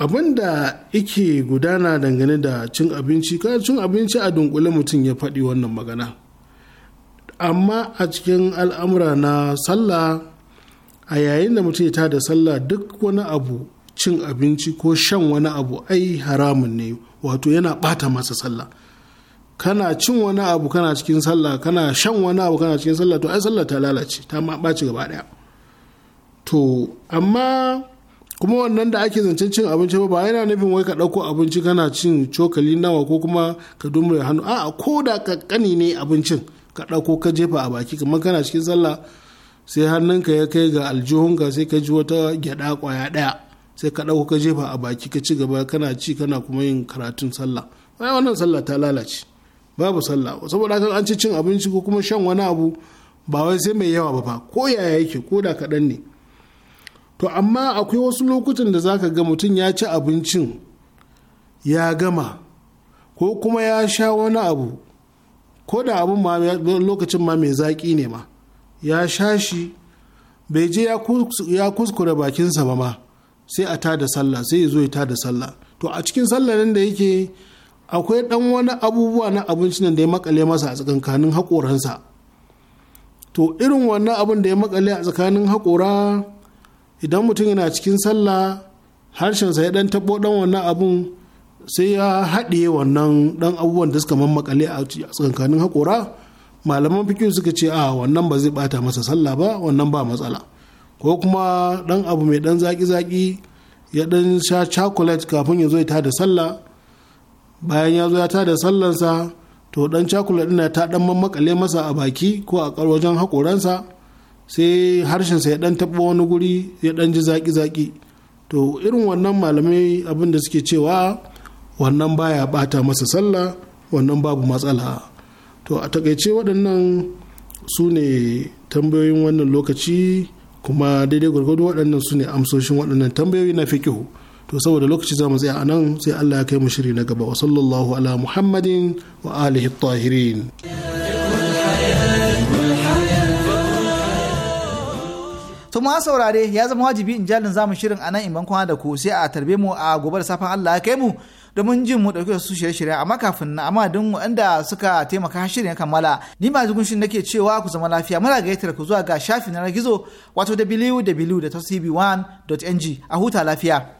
abin da ike gudana dangane da cin abinci ka cin abinci a dunkule mutum ya faɗi wannan magana amma a cikin al'amura na sallah a yayin da mutum ya ta da sallah duk wani abu cin abinci ko shan wani abu ai haramun ne wato yana ɓata masa sallah kana cin wani abu kana cikin sallah kana shan wani abu kana cikin sallah to ai sallah ta lalace ta ma ɓaci gaba ɗaya to amma kuma wannan da ake zancen cin abinci ba yana nufin wai ka ɗauko abinci kana cin cokali nawa ko kuma ka dumre hannu a ko da kakkani ne abincin ka ɗauko ka jefa a baki kamar kana cikin sallah sai hannunka ya kai ga aljihunka sai ka ji wata gyaɗa kwaya ɗaya sai ka ɗauko ka jefa a baki ka ci gaba kana ci kana kuma yin karatun sallah wannan sallah ta lalace babu sallah saboda haka an ci cin abinci ko kuma shan wani abu ba wai sai mai yawa ba fa ko yaya yake ko da kaɗan ne to amma akwai wasu lokutan da zaka ga mutum ya ci abincin ya gama ko kuma ya sha wani abu ko da abun ma lokacin ma mai zaƙi ne ma ya sha shi bai je ya kuskure bakinsa ba ma sai a tada sallah sai ya zo ya tada sallah to a cikin sallah nan da yake akwai ɗan wani abubuwa na abinci da ya makale masa a tsakankanin haƙoransa to irin wannan abin da ya makale a tsakanin haƙora idan mutum yana cikin sallah harshensa ya ɗan taɓo ɗan wannan abun sai ya haɗe wannan ɗan abubuwan da suka mammakale a tsakankanin haƙora malaman fikin suka ce a wannan ba zai bata masa sallah ba wannan ba matsala ko kuma ɗan abu mai ɗan zaƙi-zaƙi ya ɗan sha cakulet kafin ya zo ya tada sallah bayan ya zo ya tada sallarsa to dan cakula ɗin ta dan mammakale masa a baki ko a wajen hakoransa sai harshen sa ya dan taɓa wani guri ya dan ji zaƙi-zaƙi to irin wannan malamai abin da suke cewa wannan baya bata masa sallah wannan babu matsala to a takaice waɗannan su ne tambayoyin wannan lokaci kuma daidai gwargwado waɗannan su ne amsoshin waɗannan tambayoyi na fikihu. to saboda lokaci za mu tsaya a nan sai Allah ya kai mu shiri na gaba wa sallallahu ala muhammadin wa alihi tahirin to ma saurare ya zama wajibi in jalin zamu shirin anan in bankwana da ku sai a tarbe mu a gobe da safan Allah ya kai mu domin jin mu dauke su shirye-shirye amma kafin na amma din wanda suka taimaka shirin ya kammala ni ma zugun shin nake cewa ku zama lafiya muna gayyatar ku zuwa ga shafin na gizo wato www.tcb1.ng a huta lafiya